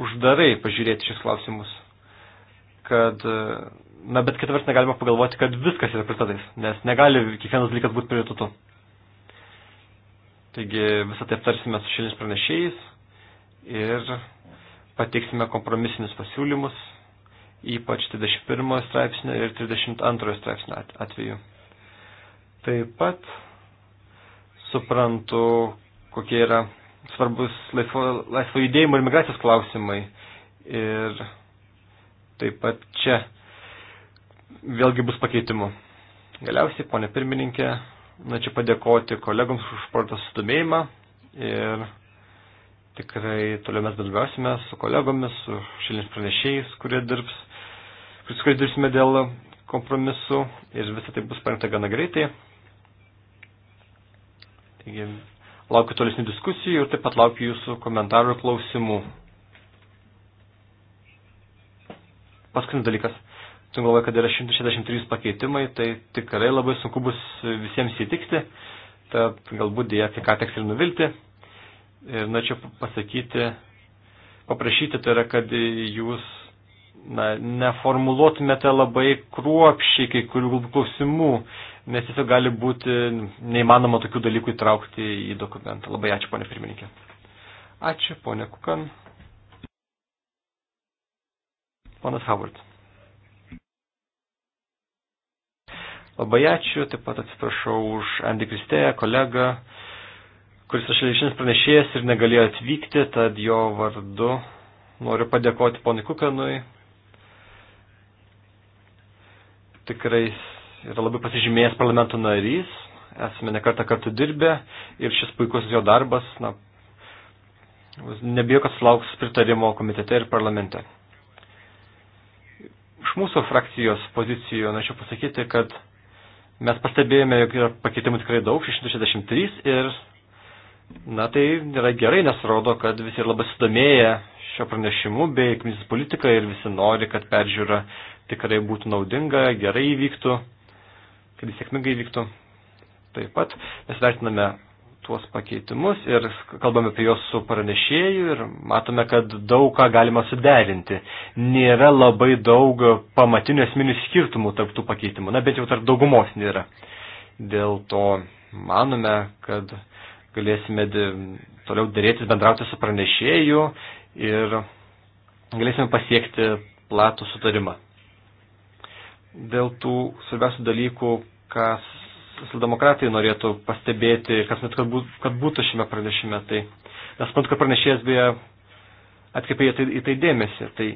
uždarai pažiūrėti šis klausimus, kad Na, bet kitą vers negalima pagalvoti, kad viskas yra prioritetais, nes negali kiekvienas dalykas būti prioritetu. Taigi visą tai aptarsime su šiandien pranešėjais ir pateiksime kompromisinius pasiūlymus, ypač 31 straipsnio ir 32 straipsnio atveju. Taip pat suprantu, kokie yra svarbus laisvo, laisvo judėjimo ir migracijos klausimai. Ir taip pat čia vėlgi bus pakeitimų. Galiausiai, ponė pirmininkė, norėčiau padėkoti kolegoms už sporto sudomėjimą ir tikrai toliau mes bendrausime su kolegomis, su šilins pranešėjais, kurie dirbs, su kurie dirbsime dėl kompromisu ir visą tai bus parengta gana greitai. Taigi, laukiu tolesnių diskusijų ir taip pat laukiu jūsų komentarų ir klausimų. Paskutinis dalykas turim galvoje, kad yra 163 pakeitimai, tai tikrai labai sunku bus visiems įtikti, tad galbūt dėja kai ką teks ir nuvilti. Ir norėčiau nu, pasakyti, paprašyti, tai yra, kad jūs na, neformuluotumėte labai kruopščiai kai kurių klausimų, nes tiesiog gali būti neįmanoma tokių dalykų įtraukti į dokumentą. Labai ačiū, ponė pirmininkė. Ačiū, ponė Kukan. Ponas Howard. Labai ačiū, taip pat atsiprašau už Andy Kristėją, kolegą, kuris aš šiandien pranešėjas ir negalėjo atvykti, tad jo vardu noriu padėkoti ponui Kukanui. Tikrai yra labai pasižymėjęs parlamento narys, esame nekartą kartu dirbę ir šis puikus jo darbas, na, nebijo, kad sulauks pritarimo komitete ir parlamente. Iš mūsų frakcijos pozicijų norėčiau pasakyti, kad Mes pastebėjome, jog yra pakeitimų tikrai daug, 663 ir na tai yra gerai, nes rodo, kad visi yra labai sudomėję šio pranešimu bei komisijos politika ir visi nori, kad peržiūra tikrai būtų naudinga, gerai įvyktų, kad jis sėkmingai įvyktų. Taip pat mes vertiname tuos pakeitimus ir kalbame apie juos su pranešėju ir matome, kad daug ką galima suderinti. Nėra labai daug pamatinių esminių skirtumų tarp tų pakeitimų, na bet jau tarp daugumos nėra. Dėl to manome, kad galėsime toliau dėrėtis, bendrauti su pranešėju ir galėsime pasiekti platų sutarimą. Dėl tų svarbiausių dalykų, kas Socialdemokratai norėtų pastebėti, kas net, kad būtų šiame pranešime. Tai, nes suprantu, kad pranešėjas beje atkreipė į tai, į tai dėmesį. Tai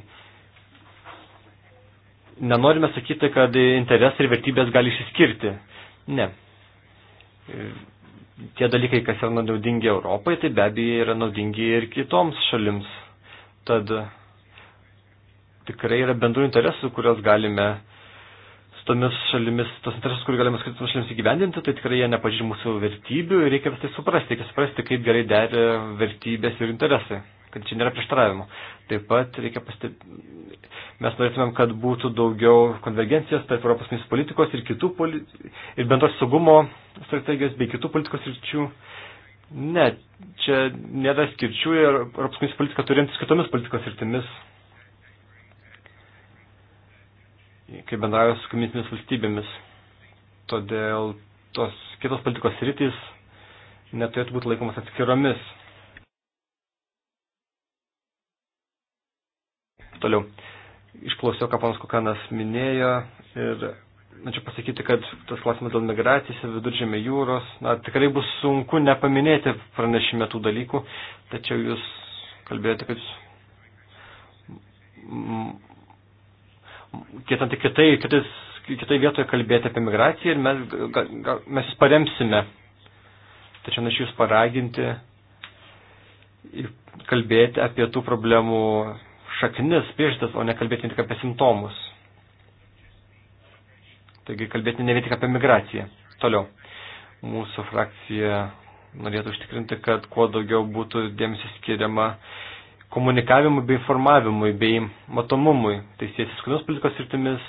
nenorime sakyti, kad interesai ir vertybės gali išsiskirti. Ne. Tie dalykai, kas yra naudingi Europai, tai be abejo yra naudingi ir kitoms šalims. Tad tikrai yra bendrų interesų, kurios galime tomis šalimis, tos interesus, kurį galime skirti tomis šalimis įgyvendinti, tai tikrai jie nepažįsta mūsų vertybių ir reikia tai suprasti, reikia suprasti, kaip gerai deri vertybės ir interesai, kad čia nėra prieštaravimų. Taip pat reikia pastebėti, mes norėtumėm, kad būtų daugiau konvergencijos tarp Europos ministrų politikos ir kitų politi ir bendros saugumo strategijos bei kitų politikos ryčių. Ne, čia nėra skirčių ir Europos komisijos politika turintis kitomis politikos rytimis kai bendrauja su kaimininėmis valstybėmis. Todėl tos kitos politikos rytis neturėtų būti laikomas atskiromis. Toliau. Išklausiau, ką panas Kukanas minėjo ir norėčiau pasakyti, kad tas klausimas dėl migracijos ir viduržėmė jūros, na, tikrai bus sunku nepaminėti pranešime tų dalykų, tačiau jūs kalbėjote, kad kietant kitai, kitais, kitai vietoje kalbėti apie migraciją ir mes, ga, ga, mes jūs paremsime. Tačiau aš jūs paraginti kalbėti apie tų problemų šaknis, priežastis, o ne kalbėti tik apie simptomus. Taigi kalbėti ne vien tik apie migraciją. Toliau. Mūsų frakcija norėtų užtikrinti, kad kuo daugiau būtų dėmesio skiriama komunikavimui bei informavimui bei matomumui teisės įskunos politikos sritimis.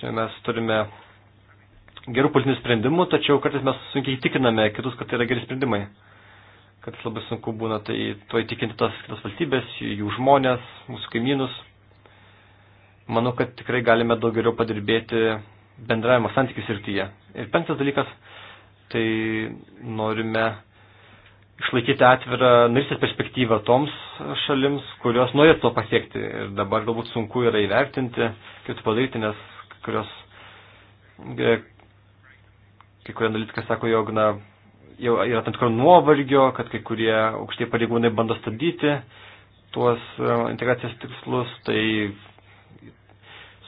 Čia mes turime gerų politinių sprendimų, tačiau kartais mes sunkiai įtikiname kitus, kad tai yra geri sprendimai. Kad labai sunku būna tai tuo įtikinti tas kitas valstybės, jų žmonės, mūsų kaimynus. Manau, kad tikrai galime daug geriau padirbėti bendravimo santykių srityje. Ir penktas dalykas, tai norime išlaikyti atvirą narystės perspektyvą toms šalims, kurios norėtų to pasiekti. Ir dabar galbūt sunku yra įvertinti, kaip tai padaryti, nes kurios, e, kai kurie analitikai sako, jog na, jau yra tam tikro nuovargio, kad kai kurie aukštie pareigūnai bando stabdyti tuos e, integracijos tikslus, tai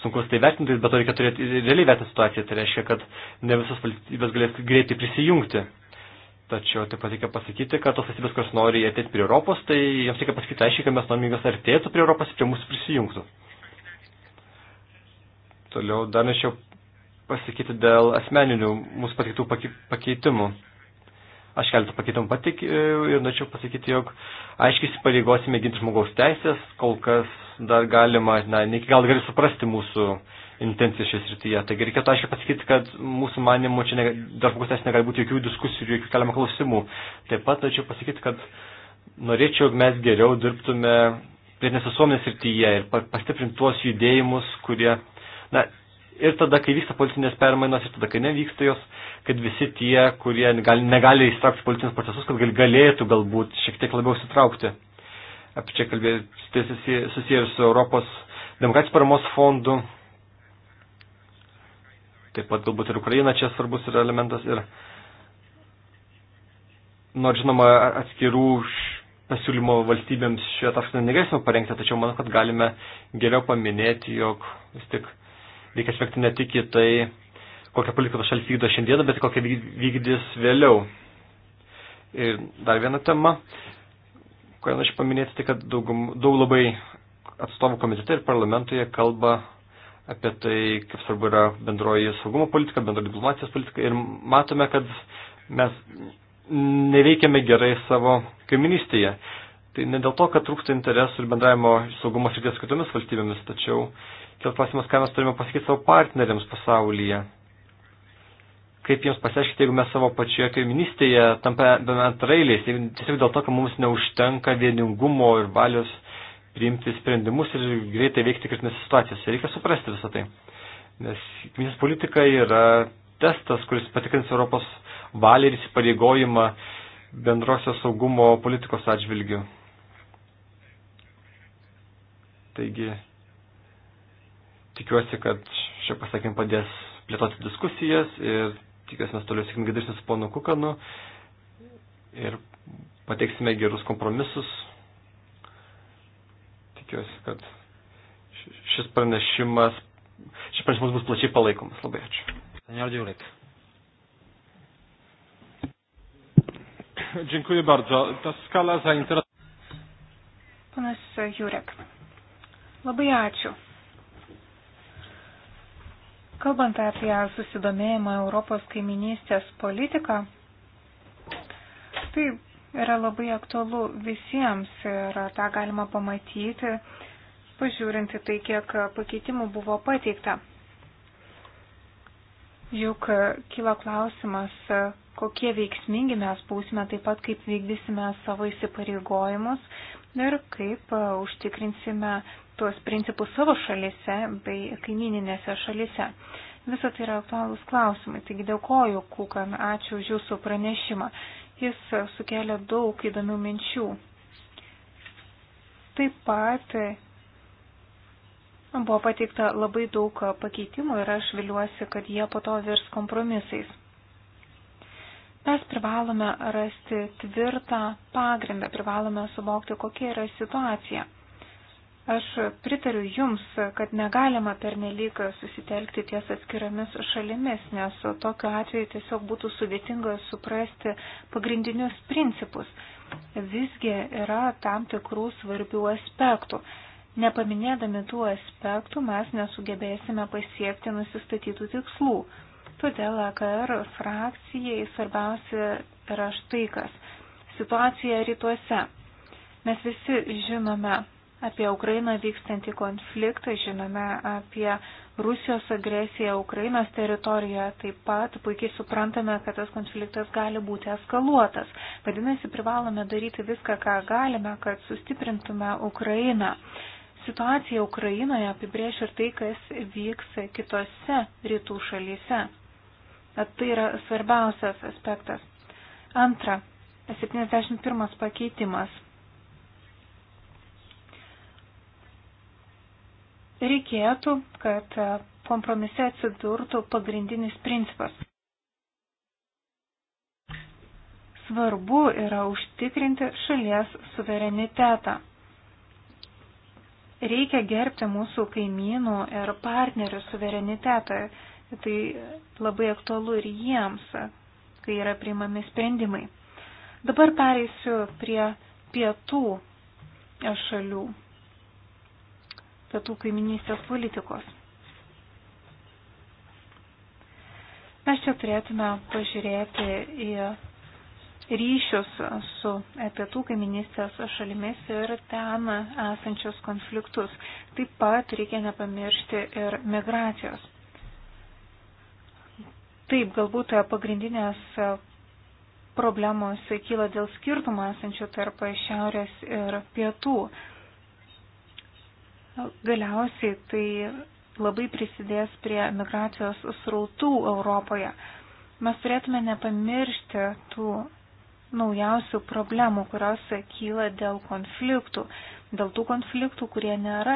sunku tai vertinti, bet to reikia turėti realiai vertinti situaciją. Tai reiškia, kad ne visas valstybės galės greitai prisijungti Tačiau taip pat reikia pasakyti, kad tos valstybės, kurios nori atėti prie Europos, tai jiems reikia pasakyti aiškiai, kad mes norime, kad artėtų prie Europos ir prie mūsų prisijungtų. Toliau dar nešiau pasakyti dėl asmeninių mūsų patiktų pakeitimų. Aš keletą pakeitimų patik ir norėčiau pasakyti, jog aiškiai įsipareigosime ginti žmogaus teisės, kol kas dar galima, na, ne iki gal gali suprasti mūsų uh, intencijas šiais rytyje. Taigi reikėtų aiškiai pasakyti, kad mūsų manimų čia dar kol kas negali būti jokių diskusijų, jokių keliamų klausimų. Taip pat norėčiau pasakyti, kad norėčiau, kad mes geriau dirbtume pilietinės visuomenės rytyje ir pastiprinti tuos judėjimus, kurie, na, ir tada, kai vyksta politinės permainos, ir tada, kai nevyksta jos, kad visi tie, kurie negali, negali įstraukti politinius procesus, kad galėtų galbūt šiek tiek labiau sitraukti. Apie čia kalbėti susiję ir su Europos demokratijos paramos fondu taip pat galbūt ir Ukraina čia svarbus yra elementas ir nors žinoma atskirų pasiūlymo valstybėms šioje ataskaitoje negalėsime parengti, tačiau manau, kad galime geriau paminėti, jog vis tik reikia svegti ne tik į tai, kokią politiką ta šalis vykdo šiandieną, bet kokią vykdys vėliau. Ir dar viena tema, kurią noriu paminėti, tai kad daug, daug labai atstovų komitete ir parlamentoje kalba apie tai, kaip svarbu yra bendroji saugumo politika, bendroji diplomatijos politika ir matome, kad mes neveikiame gerai savo kaiminystėje. Tai ne dėl to, kad trūksta interesų ir bendravimo saugumo srities kitomis valstybėmis, tačiau kėl klausimas, ką mes turime pasakyti savo partneriams pasaulyje. Kaip jiems pasiaiškinti, jeigu mes savo pačioje kaiminystėje tampame antrailiais, tiesiog dėl to, kad mums neužtenka vieningumo ir valios priimti sprendimus ir greitai veikti kritinės situacijos. Reikia suprasti visą tai. Nes kaimynės politika yra testas, kuris patikrins Europos valią ir įsipareigojimą bendrosios saugumo politikos atžvilgių. Taigi, tikiuosi, kad šio pasakym padės plėtoti diskusijas ir tikiuosi mes toliau sėkmingai dirbsime su ponu Kukanu ir pateiksime gerus kompromisus tikiuosi, kad šis pranešimas, šis pranešimas bus plačiai palaikomas. Labai ačiū. Senior Dziurek. Dziękuję bardzo. Ta skala zainteresowania. Panas Jurek. Labai ačiū. Kalbant apie susidomėjimą Europos kaiminystės politiką, tai yra labai aktualu visiems ir tą galima pamatyti, pažiūrinti tai, kiek pakeitimų buvo pateikta. Juk kilo klausimas, kokie veiksmingi mes būsime, taip pat kaip vykdysime savo įsipareigojimus ir kaip užtikrinsime tuos principus savo šalise bei kaimininėse šalise. Visą tai yra aktualūs klausimai. Taigi dėkoju, Kukan, ačiū už jūsų pranešimą. Jis sukelia daug įdomių minčių. Taip pat buvo pateikta labai daug pakeitimų ir aš viliuosi, kad jie po to virs kompromisais. Mes privalome rasti tvirtą pagrindą, privalome suvokti, kokia yra situacija. Aš pritariu Jums, kad negalima pernelyg susitelkti ties atskiramis šalimis, nes tokiu atveju tiesiog būtų sudėtinga suprasti pagrindinius principus. Visgi yra tam tikrų svarbių aspektų. Nepaminėdami tų aspektų mes nesugebėsime pasiekti nusistatytų tikslų. Todėl AKR frakcijai svarbiausia yra štai kas - situacija rytuose. Mes visi žinome, apie Ukrainą vykstantį konfliktą, žinome apie Rusijos agresiją Ukrainos teritorijoje, taip pat puikiai suprantame, kad tas konfliktas gali būti eskaluotas. Vadinasi, privalome daryti viską, ką galime, kad sustiprintume Ukrainą. Situacija Ukrainoje apibrėžia ir tai, kas vyks kitose rytų šalyse. Tai yra svarbiausias aspektas. Antra, 71 pakeitimas reikėtų, kad e, kompromise atsidurtų pagrindinis principas. Svarbu yra užtikrinti šalies suverenitetą. Reikia gerbti mūsų kaimynų ir partnerių suverenitetą. Tai labai aktualu ir jiems, kai yra priimami sprendimai. Dabar pereisiu prie pietų šalių pietų kaiminystės politikos. Mes čia turėtume pažiūrėti į ryšius su pietų kaiminystės šalimis ir ten esančius konfliktus. Taip pat reikia nepamiršti ir migracijos. Taip, galbūt pagrindinės problemos kyla dėl skirtumų esančių tarp šiaurės ir pietų. Galiausiai tai labai prisidės prie migracijos srautų Europoje. Mes turėtume nepamiršti tų naujausių problemų, kurios kyla dėl konfliktų, dėl tų konfliktų, kurie nėra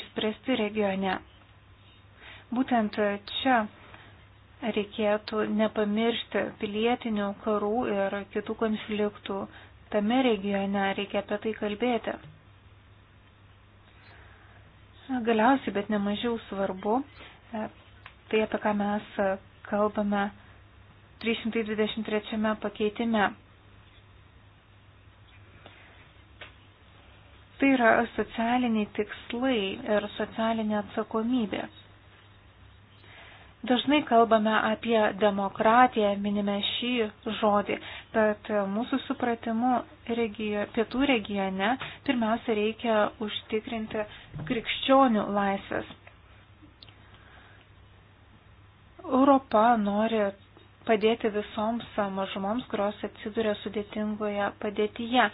išspręsti regione. Būtent čia reikėtų nepamiršti pilietinių karų ir kitų konfliktų. Tame regione reikia apie tai kalbėti. Galiausiai, bet nemažiau svarbu, e, tai apie ką mes kalbame 323 pakeitime. Tai yra socialiniai tikslai ir socialinė atsakomybė. Dažnai kalbame apie demokratiją, minime šį žodį, bet mūsų supratimu regio, pietų regione pirmiausia reikia užtikrinti krikščionių laisvės. Europa nori padėti visoms mažumoms, kurios atsiduria sudėtingoje padėtyje.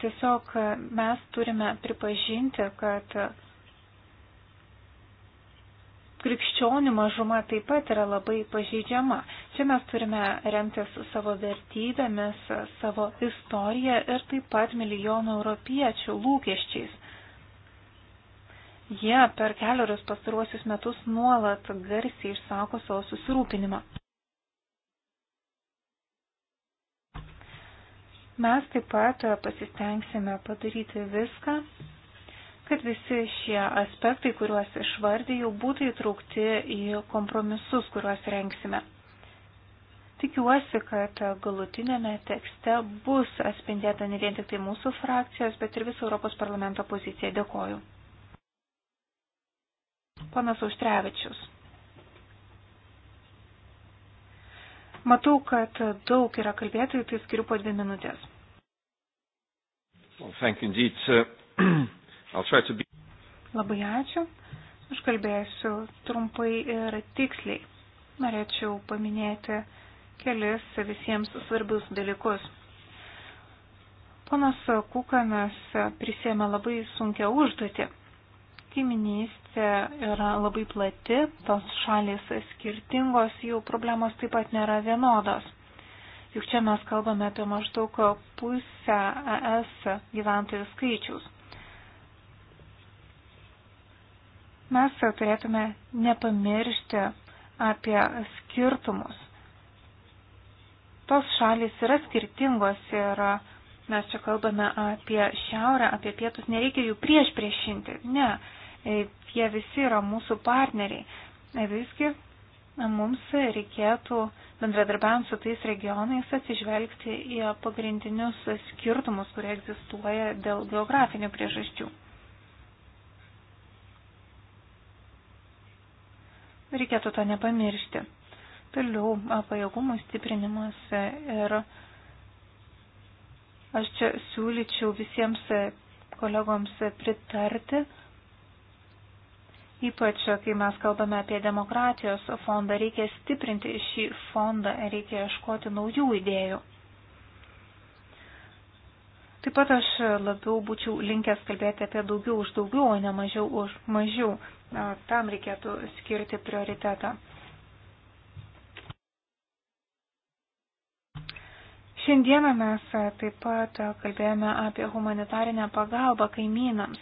Tiesiog mes turime pripažinti, kad krikščionių mažuma taip pat yra labai pažeidžiama. Čia mes turime remtis savo vertybėmis, savo istoriją ir taip pat milijonų europiečių lūkesčiais. Jie per keliarius pastaruosius metus nuolat garsiai išsako savo susirūpinimą. Mes taip pat pasistengsime padaryti viską, kad visi šie aspektai, kuriuos išvardėjau, būtų įtraukti į kompromisus, kuriuos renksime. Tikiuosi, kad galutinėme tekste bus atspindėta ne vien tik tai mūsų frakcijos, bet ir viso Europos parlamento pozicija. Dėkoju. Panas Auštrevičius. Matau, kad daug yra kalbėtojų, tai skiriu po dvi minutės. Well, thank you indeed, sir. Be... Labai ačiū. Aš kalbėsiu trumpai ir tiksliai. Norėčiau paminėti kelis visiems svarbius dalykus. Ponas Kukanas prisėmė labai sunkę užduotį. Kaiminystė yra labai plati, tos šalis skirtingos, jų problemos taip pat nėra vienodos. Juk čia mes kalbame apie maždaug pusę ES gyventojų skaičiaus. Mes turėtume nepamiršti apie skirtumus. Tos šalis yra skirtingos ir mes čia kalbame apie šiaurę, apie pietus, nereikia jų prieš priešinti. Ne, jie visi yra mūsų partneriai. Visgi mums reikėtų bendradarbiavant su tais regionais atsižvelgti į pagrindinius skirtumus, kurie egzistuoja dėl geografinių priežasčių. Reikėtų to nepamiršti. Toliau pajėgumų stiprinimas e, ir aš čia siūlyčiau visiems e, kolegoms e, pritarti, ypač kai mes kalbame apie demokratijos fondą, reikia stiprinti šį fondą, reikia ieškoti naujų idėjų. Taip pat aš labiau būčiau linkęs kalbėti apie daugiau už daugiau, o ne mažiau už mažiau tam reikėtų skirti prioritetą. Šiandieną mes taip pat kalbėjome apie humanitarinę pagalbą kaimynams.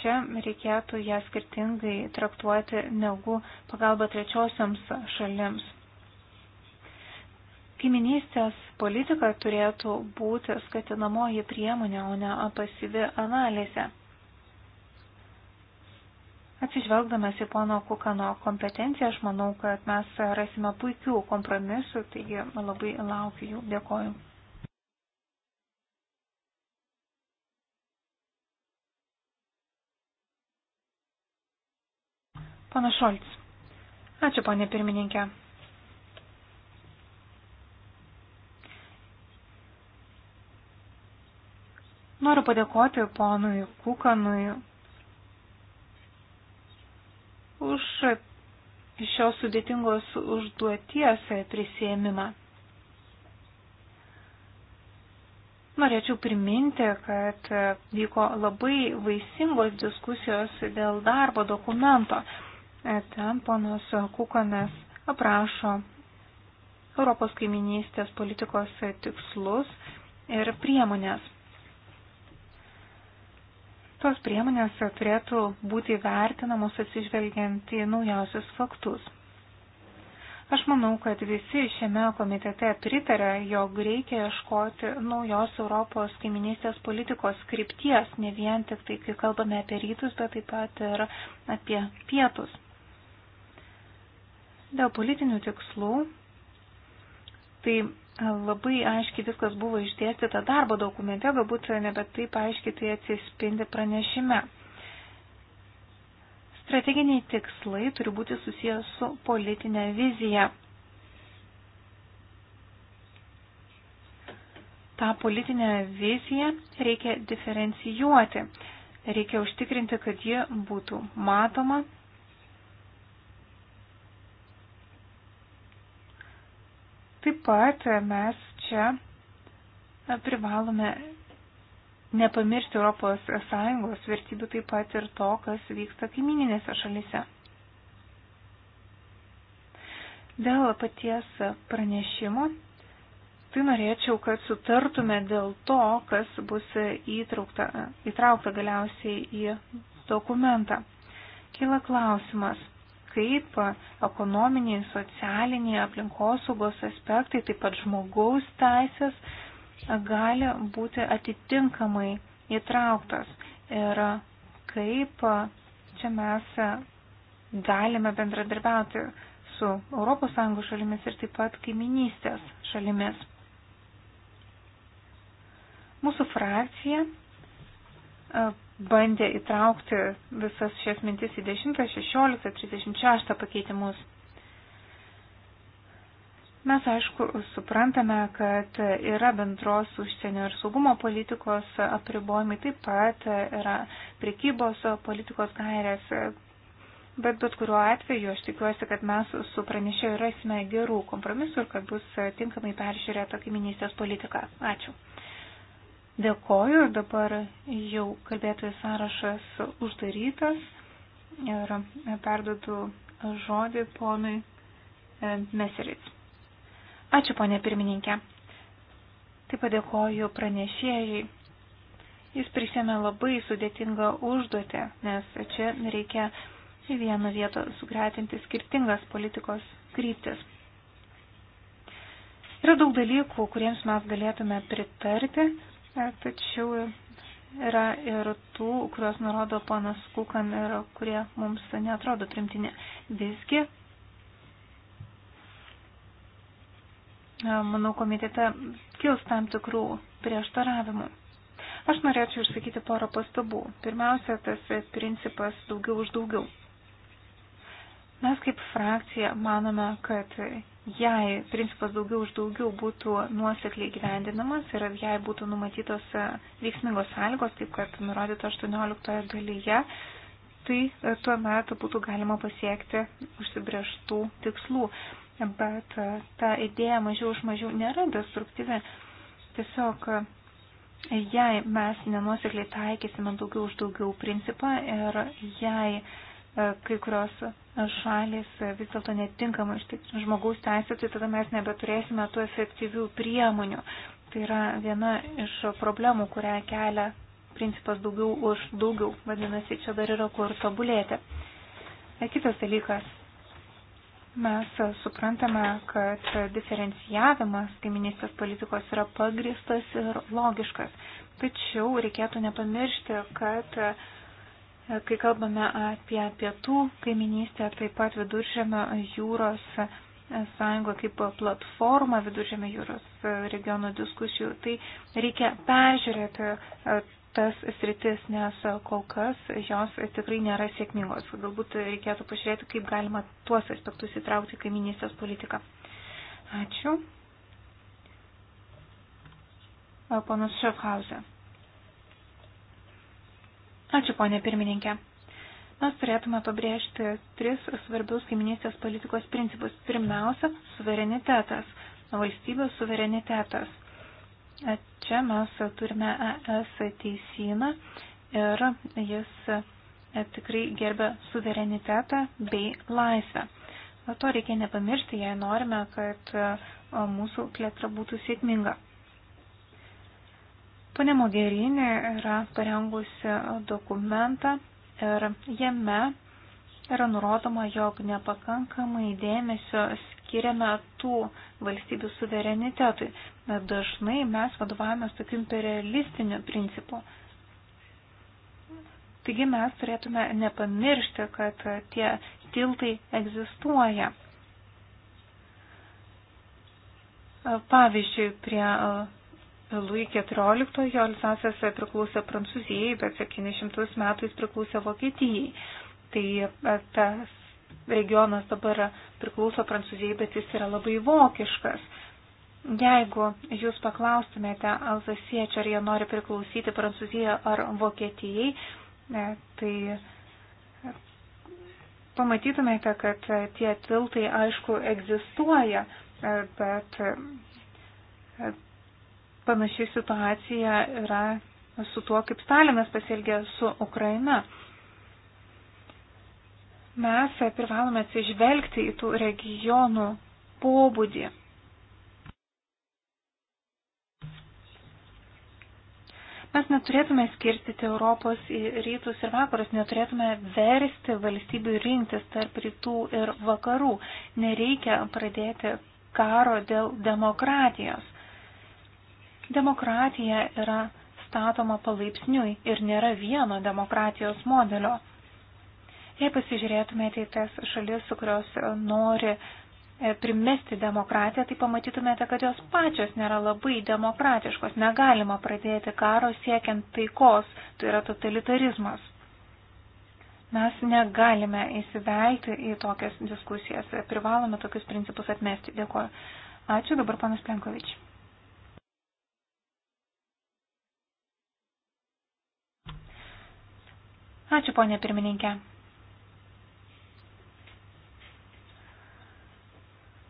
Čia reikėtų ją skirtingai traktuoti negu pagalba trečiosiams šalims. Kaiminystės politika turėtų būti skatinamoji priemonė, o ne pasyvi analizė. Atsižvelgdamas į pono Kukano kompetenciją, aš manau, kad mes rasime puikių kompromisų, taigi labai laukiu jų. Dėkoju. Pana Šolts. Ačiū, ponė pirmininkė. Noriu padėkoti ponui Kukanui už šios sudėtingos užduoties prisėmimą. Norėčiau priminti, kad vyko labai vaisingos diskusijos dėl darbo dokumento. Ten ponas Kukonas aprašo Europos kaiminystės politikos tikslus ir priemonės. Tos priemonės turėtų būti vertinamos atsižvelgiant į naujausius faktus. Aš manau, kad visi šiame komitete pritarė, jog reikia ieškoti naujos Europos kaiminystės politikos skripties, ne vien tik tai, kai kalbame apie rytus, bet taip pat ir apie pietus. Dėl politinių tikslų, tai Labai aiškiai viskas buvo išdėstyta darbo dokumente, galbūt nebe taip aiškiai tai atsispindi pranešime. Strateginiai tikslai turi būti susijęs su politinė vizija. tą politinę viziją reikia diferencijuoti. Reikia užtikrinti, kad ji būtų matoma, Taip pat mes čia privalome nepamiršti ES vertybių taip pat ir to, kas vyksta kaimininėse šalise. Dėl paties pranešimo, tai norėčiau, kad sutartume dėl to, kas bus įtraukta, įtraukta galiausiai į dokumentą. Kila klausimas kaip ekonominiai, socialiniai, aplinkosaugos aspektai, taip pat žmogaus teisės gali būti atitinkamai įtrauktos ir kaip čia mes galime bendradarbiauti su ES šalimis ir taip pat kaiminystės šalimis. Mūsų frakcija bandė įtraukti visas šias mintis į 10, 16, 36 pakeitimus. Mes aišku suprantame, kad yra bendros užsienio ir saugumo politikos apribojimai, taip pat yra prekybos politikos gairės, bet bet kuriuo atveju aš tikiuosi, kad mes su pranešėju rasime gerų kompromisų ir kad bus tinkamai peržiūrėta kaiminystės politika. Ačiū. Dėkoju, dabar jau kalbėtojų sąrašas uždarytas ir perdodu žodį ponui e, Meseric. Ačiū, ponė pirmininkė. Taip pat dėkoju pranešėjai. Jis prisėmė labai sudėtingą užduotę, nes čia reikia į vieną vietą sugretinti skirtingas politikos kryptis. Yra daug dalykų, kuriems mes galėtume pritarti, E, tačiau yra ir tų, kuriuos nurodo panas Kukan ir kurie mums netrodo primtini. Visgi, e, manau, komitete kils tam tikrų prieštaravimų. Aš norėčiau išsakyti porą pastabų. Pirmiausia, tas principas daugiau už daugiau. Mes kaip frakcija manome, kad jei principas daugiau už daugiau būtų nuosekliai gyvendinamas ir jei būtų numatytos e, veiksmingos sąlygos, taip kad nurodyta 18 dalyje, tai e, tuo metu būtų galima pasiekti užsibrieštų tikslų. Bet e, ta idėja mažiau už mažiau nėra destruktyvi. Tiesiog jei mes nenuosekliai taikysime daugiau už daugiau principą ir jei kai kurios šalis vis dėlto netinkamai ištikrins žmogaus teisę, tai tada mes nebeturėsime tų efektyvių priemonių. Tai yra viena iš problemų, kurią kelia principas daugiau už daugiau. Vadinasi, čia dar yra kur tobulėti. E, kitas dalykas. Mes suprantame, kad diferencijavimas kaiminystės politikos yra pagristas ir logiškas. Tačiau reikėtų nepamiršti, kad Kai kalbame apie pietų kaiminystę, taip pat viduržėmio jūros sąjungo kaip platformą viduržėmio jūros regiono diskusijų, tai reikia peržiūrėti e, tas sritis, nes kol kas jos tikrai nėra sėkmingos. Galbūt reikėtų pažiūrėti, kaip galima tuos aspektus įtraukti kaiminystės politiką. Ačiū. Ponas Šefhauser. Ačiū, ponė pirmininkė. Mes turėtume pabrėžti tris svarbius kaiminystės politikos principus. Pirmiausia, suverenitetas, valstybės suverenitetas. Čia mes turime ES teisyną ir jis e, tikrai gerbia suverenitetą bei laisvę. To reikia nepamiršti, jei norime, kad e, mūsų plėtra būtų sėkminga. Pone Mogerinė yra parengusi dokumentą ir jame yra nurodoma, jog nepakankamai dėmesio skiriame tų valstybių suverenitetui. Bet dažnai mes vadovavomės tokiu imperialistiniu principu. Taigi mes turėtume nepamiršti, kad tie tiltai egzistuoja. Pavyzdžiui, prie Lui XIV Alsasas priklausė Prancūzijai, bet 700 metais priklausė Vokietijai. Tai e, tas regionas dabar priklauso Prancūzijai, bet jis yra labai vokiškas. Jeigu jūs paklaustumėte Alzasiečių, ar jie nori priklausyti Prancūzijai ar Vokietijai, e, tai e, pamatytumėte, kad tie tiltai aišku egzistuoja, bet Panaši situacija yra su tuo, kaip Stalinas pasielgė su Ukraina. Mes privalome atsižvelgti į tų regionų pobūdį. Mes neturėtume skirstyti Europos į rytus ir vakarus, neturėtume versti valstybių rinktis tarp rytų ir vakarų. Nereikia pradėti karo dėl demokratijos. Demokratija yra statoma palaipsniui ir nėra vieno demokratijos modelio. Jei pasižiūrėtumėte į tas šalis, kurios e, nori e, primesti demokratiją, tai pamatytumėte, kad jos pačios nėra labai demokratiškos. Negalima pradėti karo siekiant taikos, tai yra totalitarizmas. Mes negalime įsivelti į tokias diskusijas, privalome tokius principus atmesti. Dėkuoju. Ačiū dabar panas Plenkovičiai. Ačiū, ponė pirmininkė.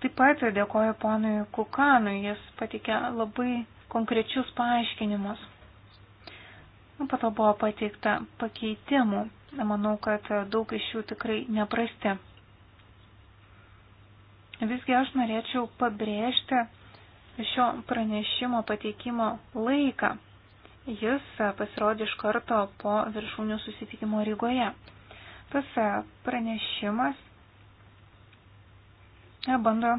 Taip pat dėkoju ponui Kukanui, jis patikė labai konkrečius paaiškinimus. Nu, po to buvo pateikta pakeitimų, manau, kad daug iš jų tikrai neprasti. Visgi aš norėčiau pabrėžti šio pranešimo pateikimo laiką. Jis e, pasirodė iš karto po viršūnių susitikimo Rygoje. Tas e, pranešimas e, bando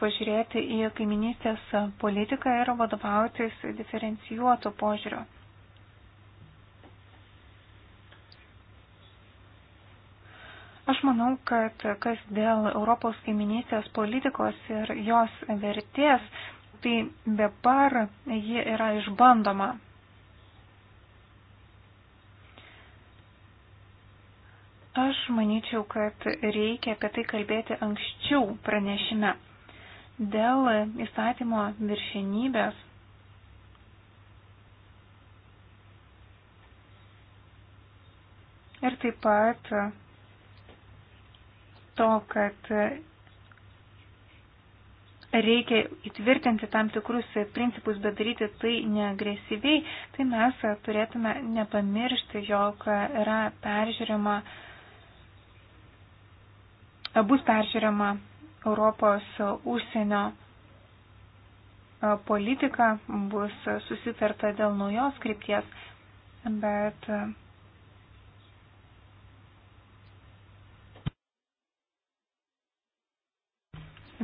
pažiūrėti į kaiminystės politiką ir vadovautis diferencijuoto požiūrio. Aš manau, kad kas dėl Europos kaiminystės politikos ir jos vertės, tai dabar ji yra išbandoma Aš manyčiau, kad reikia apie tai kalbėti anksčiau pranešime. Dėl įstatymo viršenybės ir taip pat to, kad reikia įtvirtinti tam tikrus principus, bet daryti tai neagresyviai, tai mes turėtume nepamiršti, jog yra peržiūrima uh, bus peržiūrima Europos užsienio e, politika, bus susitarta dėl naujos krypties, bet e,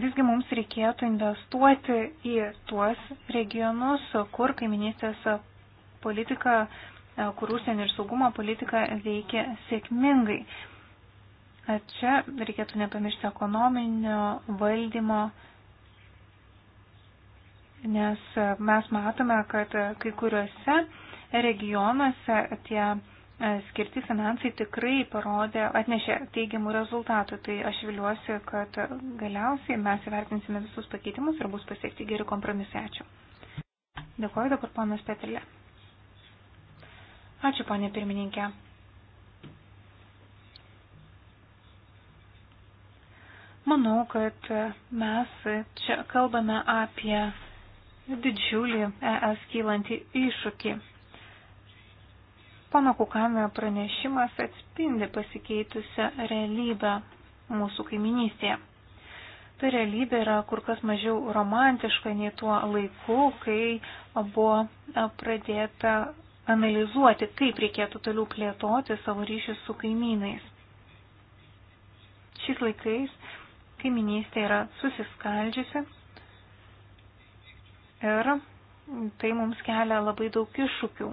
visgi mums reikėtų investuoti į tuos regionus, kur kaiminystės politika, e, kur užsienio ir saugumo politika veikia sėkmingai. Čia reikėtų nepamiršti ekonominio valdymo, nes mes matome, kad kai kuriuose regionuose tie e, skirti finansai tikrai parodė, atnešė teigiamų rezultatų. Tai aš viliuosi, kad galiausiai mes įvertinsime visus pakeitimus ir bus pasiekti geri kompromisai. Ačiū. Dėkuoju dabar ponas Petelė. Ačiū, ponė pirmininkė. Manau, kad mes čia kalbame apie didžiulį ES kylantį iššūkį. Pono Kukamio pranešimas atspindi pasikeitusią realybę mūsų kaiminystėje. Ta realybė yra kur kas mažiau romantiška nei tuo laiku, kai buvo pradėta analizuoti, kaip reikėtų toliau plėtoti savo ryšius su kaimynais. Šiais laikais kaiminystė yra susiskaldžiusi ir tai mums kelia labai daug iššūkių.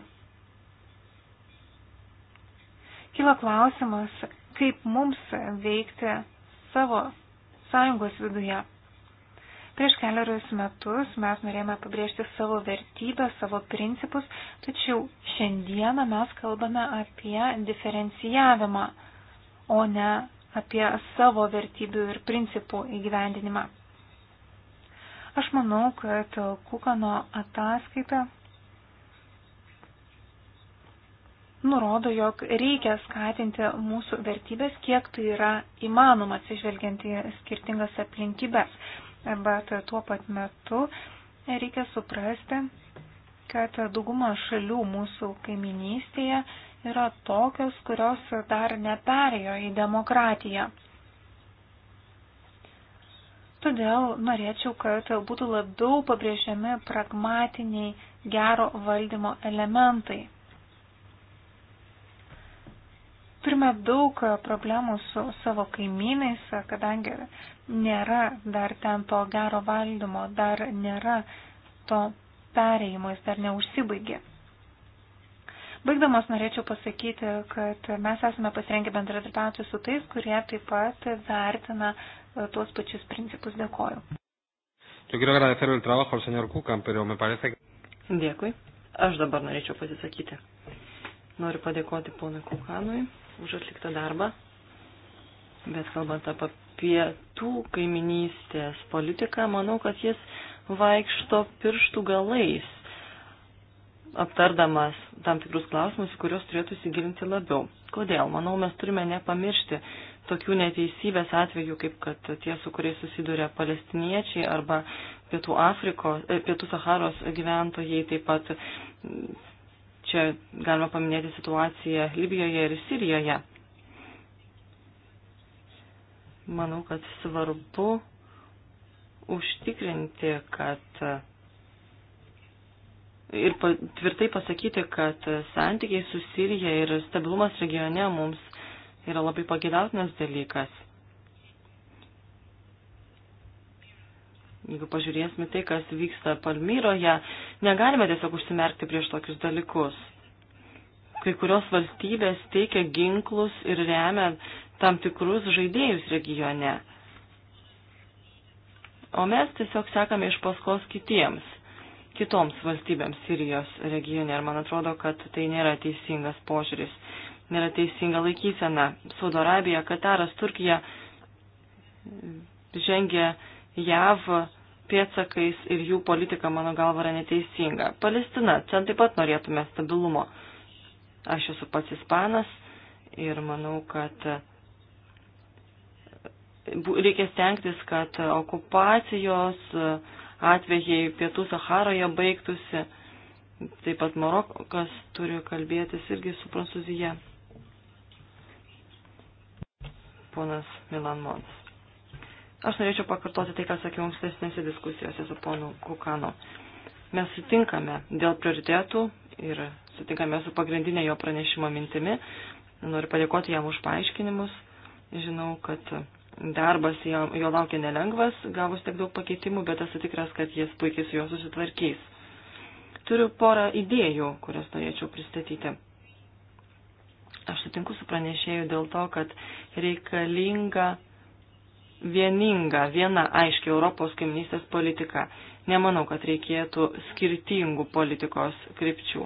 Kila klausimas, kaip mums veikti savo sąjungos viduje. Prieš keliarius metus mes norėjome pabrėžti savo vertybę, savo principus, tačiau šiandieną mes kalbame apie diferencijavimą, o ne apie savo vertybių ir principų įgyvendinimą. Aš manau, kad Kukano ataskaita nurodo, jog reikia skatinti mūsų vertybės, kiek tai yra įmanoma atsižvelgiant į skirtingas aplinkybės. Bet tuo pat metu reikia suprasti, kad dauguma šalių mūsų kaiminystėje yra tokios, kurios dar neperėjo į demokratiją. Todėl norėčiau, kad būtų labiau pabrėžiami pragmatiniai gero valdymo elementai. Turime daug problemų su savo kaimynais, kadangi nėra dar ten to gero valdymo, dar nėra to perėjimo, jis dar neužsibaigė. Baigdamas norėčiau pasakyti, kad mes esame pasirengę bendradarbiauti su tais, kurie taip pat vertina e, tuos pačius principus. Dėkoju. Dėkui. Aš dabar norėčiau pasisakyti. Noriu padėkoti ponui Kukanui už atliktą darbą. Bet kalbant apie pietų kaiminystės politiką, manau, kad jis vaikšto pirštų galais aptardamas tam tikrus klausimus, kuriuos turėtų įsigilinti labiau. Kodėl? Manau, mes turime nepamiršti tokių neteisybės atvejų, kaip kad tie, su kuriais susiduria palestiniečiai arba pietų, Afrikos, e, pietų Saharos gyventojai, taip pat čia galima paminėti situaciją Libijoje ir Sirijoje. Manau, kad svarbu užtikrinti, kad ir tvirtai pasakyti, kad santykiai su Sirija ir stabilumas regione mums yra labai pagėdautinas dalykas. Jeigu pažiūrėsime tai, kas vyksta Palmyroje, negalime tiesiog užsimerkti prieš tokius dalykus. Kai kurios valstybės teikia ginklus ir remia tam tikrus žaidėjus regione. O mes tiesiog sekame iš paskos kitiems kitoms valstybėms Sirijos regione. Ir man atrodo, kad tai nėra teisingas požiūris, nėra teisinga laikysena. Saudo Arabija, Kataras, Turkija žengia JAV pėtsakais ir jų politika, mano galva, yra neteisinga. Palestina, čia taip pat norėtume stabilumo. Aš esu pats ispanas ir manau, kad reikia stengtis, kad okupacijos uh, atvejai pietų Saharoje baigtųsi. Taip pat Marokas turi kalbėtis irgi su Prancūzija. Ponas Milan Mons. Aš norėčiau pakartoti tai, ką sakiau ankstesnėse diskusijose su ponu Kukano. Mes sutinkame dėl prioritėtų ir sutinkame su pagrindinė jo pranešimo mintimi. Noriu padėkoti jam už paaiškinimus. Žinau, kad darbas jo, jo laukia nelengvas, gavus tiek daug pakeitimų, bet esu tikras, kad jis puikiai su juo susitvarkys. Turiu porą idėjų, kurias norėčiau pristatyti. Aš sutinku su pranešėju dėl to, kad reikalinga vieninga, viena aiškiai Europos kaimynystės politika. Nemanau, kad reikėtų skirtingų politikos krypčių.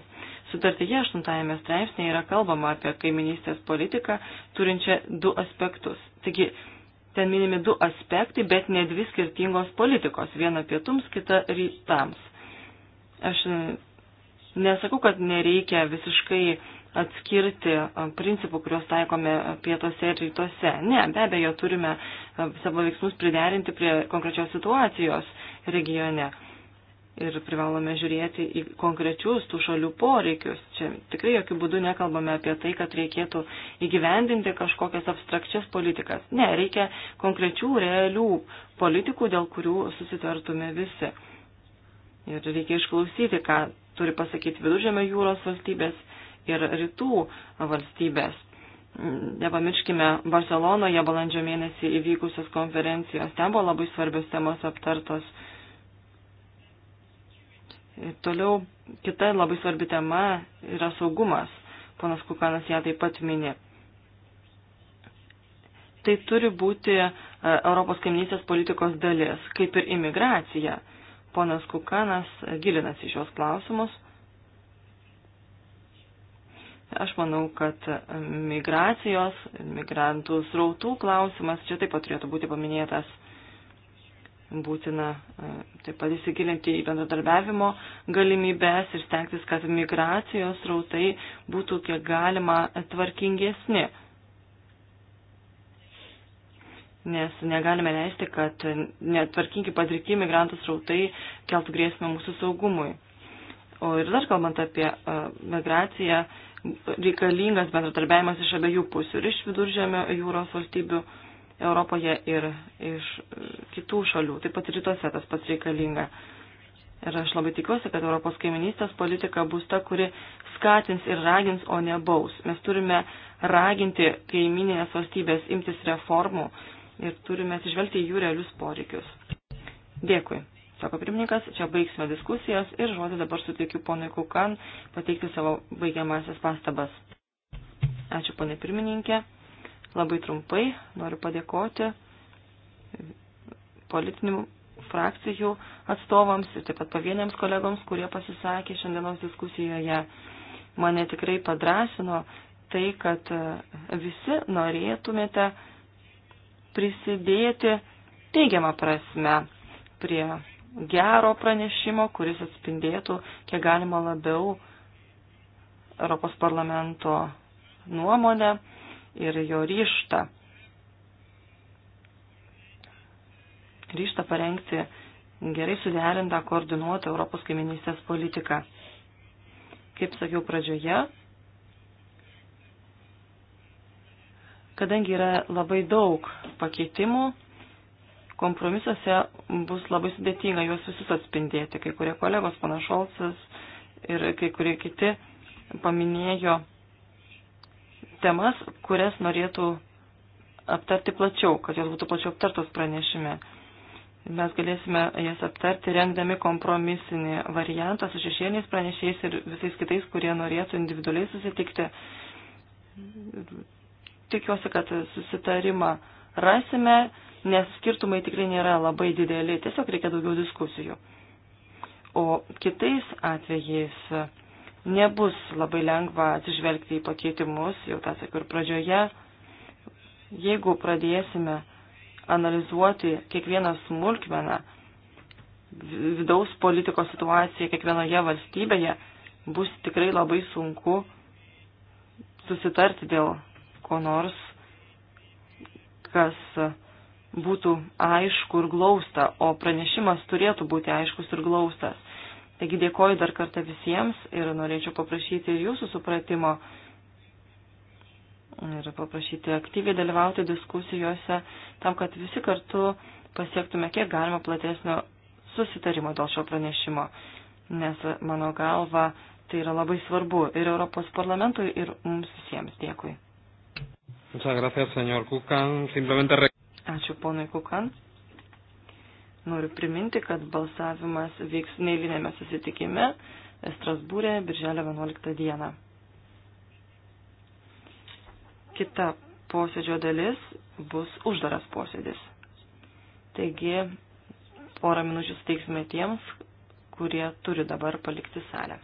Sutartyje 8 straipsnėje yra kalbama apie kaiminystės politiką turinčią du aspektus. Taigi ten minimi du aspektai, bet ne dvi skirtingos politikos, viena pietums, kita rytams. Aš e, nesakau, kad nereikia visiškai atskirti e, principų, kuriuos taikome e, pietose ir rytuose. Ne, be abejo, turime savo veiksmus priderinti prie konkrečios situacijos regione ir privalome žiūrėti į konkrečius tų šalių poreikius. Čia tikrai jokių būdų nekalbame apie tai, kad reikėtų įgyvendinti kažkokias abstrakčias politikas. Ne, reikia konkrečių, realių politikų, dėl kurių susitvartume visi. Ir reikia išklausyti, ką turi pasakyti Viduržėmio jūros valstybės ir rytų valstybės. Nepamirškime Barcelonoje balandžio mėnesį įvykusios konferencijos. Ten buvo labai svarbios temos aptartos Toliau kita labai svarbi tema yra saugumas. Ponas Kukanas ją taip pat mini. Tai turi būti e, Europos kaiminystės politikos dalis, kaip ir imigracija. Ponas Kukanas e, gilinasi šios klausimus. Aš manau, kad e, migracijos, migrantų srautų klausimas čia taip pat turėtų būti paminėtas būtina e, taip pat įsigilinti į bendradarbiavimo galimybės ir stengtis, kad migracijos rautai būtų kiek galima tvarkingesni. Nes negalime leisti, kad netvarkingi padrikti migrantų srautai keltų grėsmę mūsų saugumui. O ir dar kalbant apie e, migraciją, reikalingas bendradarbiavimas iš abiejų pusių, ir iš viduržėmio jūros valstybių Europoje ir iš e, kitų šalių, taip pat rytuose tas pats reikalinga. Ir aš labai tikiuosi, kad Europos kaiminystės politika bus ta, kuri skatins ir ragins, o ne baus. Mes turime raginti kaiminės valstybės imtis reformų ir turime atsižvelgti į jų realius poreikius. Dėkui. Sako pirmininkas, čia baigsime diskusijas ir žodį dabar suteikiu ponui Kukan pateikti savo baigiamasias pastabas. Ačiū, ponė pirmininkė. Labai trumpai noriu padėkoti politinių frakcijų atstovams ir taip pat pavieniams kolegoms, kurie pasisakė šiandienos diskusijoje. Mane tikrai padrasino tai, kad e, visi norėtumėte prisidėti teigiamą prasme prie gero pranešimo, kuris atspindėtų kiek galima labiau Europos parlamento nuomonę ir jo ryštą. Ryštą parengti gerai suderintą, koordinuotą Europos kaiminystės politiką. Kaip sakiau pradžioje, kadangi yra labai daug pakeitimų, kompromisuose bus labai sudėtinga juos visus atspindėti. Kai kurie kolegos panašolsas ir kai kurie kiti paminėjo temas, kurias norėtų aptarti plačiau, kad jos būtų plačiau aptartos pranešime. Mes galėsime jas aptarti rengdami kompromisinį variantą su šešėniais pranešėjais ir visais kitais, kurie norėtų individualiai susitikti. Tikiuosi, kad susitarimą rasime, nes skirtumai tikrai nėra labai dideli, tiesiog reikia daugiau diskusijų. O kitais atvejais nebus labai lengva atsižvelgti į pakeitimus, jau tą sakiau ir pradžioje. Jeigu pradėsime analizuoti kiekvieną smulkmeną, vidaus politikos situaciją kiekvienoje valstybėje, bus tikrai labai sunku susitarti dėl ko nors, kas būtų aišku ir glausta, o pranešimas turėtų būti aiškus ir glaustas Taigi dėkoju dar kartą visiems ir norėčiau paprašyti ir jūsų supratimo ir paprašyti aktyviai dalyvauti diskusijose tam, kad visi kartu pasiektume kiek galima platesnio susitarimo dėl šio pranešimo, nes mano galva tai yra labai svarbu ir Europos parlamentui, ir mums visiems. Dėkui. Ačiū ponui Kukan. Noriu priminti, kad balsavimas vyks neįlinėme susitikime Strasbūrė birželio 11 dieną. Kita posėdžio dalis bus uždaras posėdis. Taigi, porą minučių steiksime tiems, kurie turi dabar palikti salę.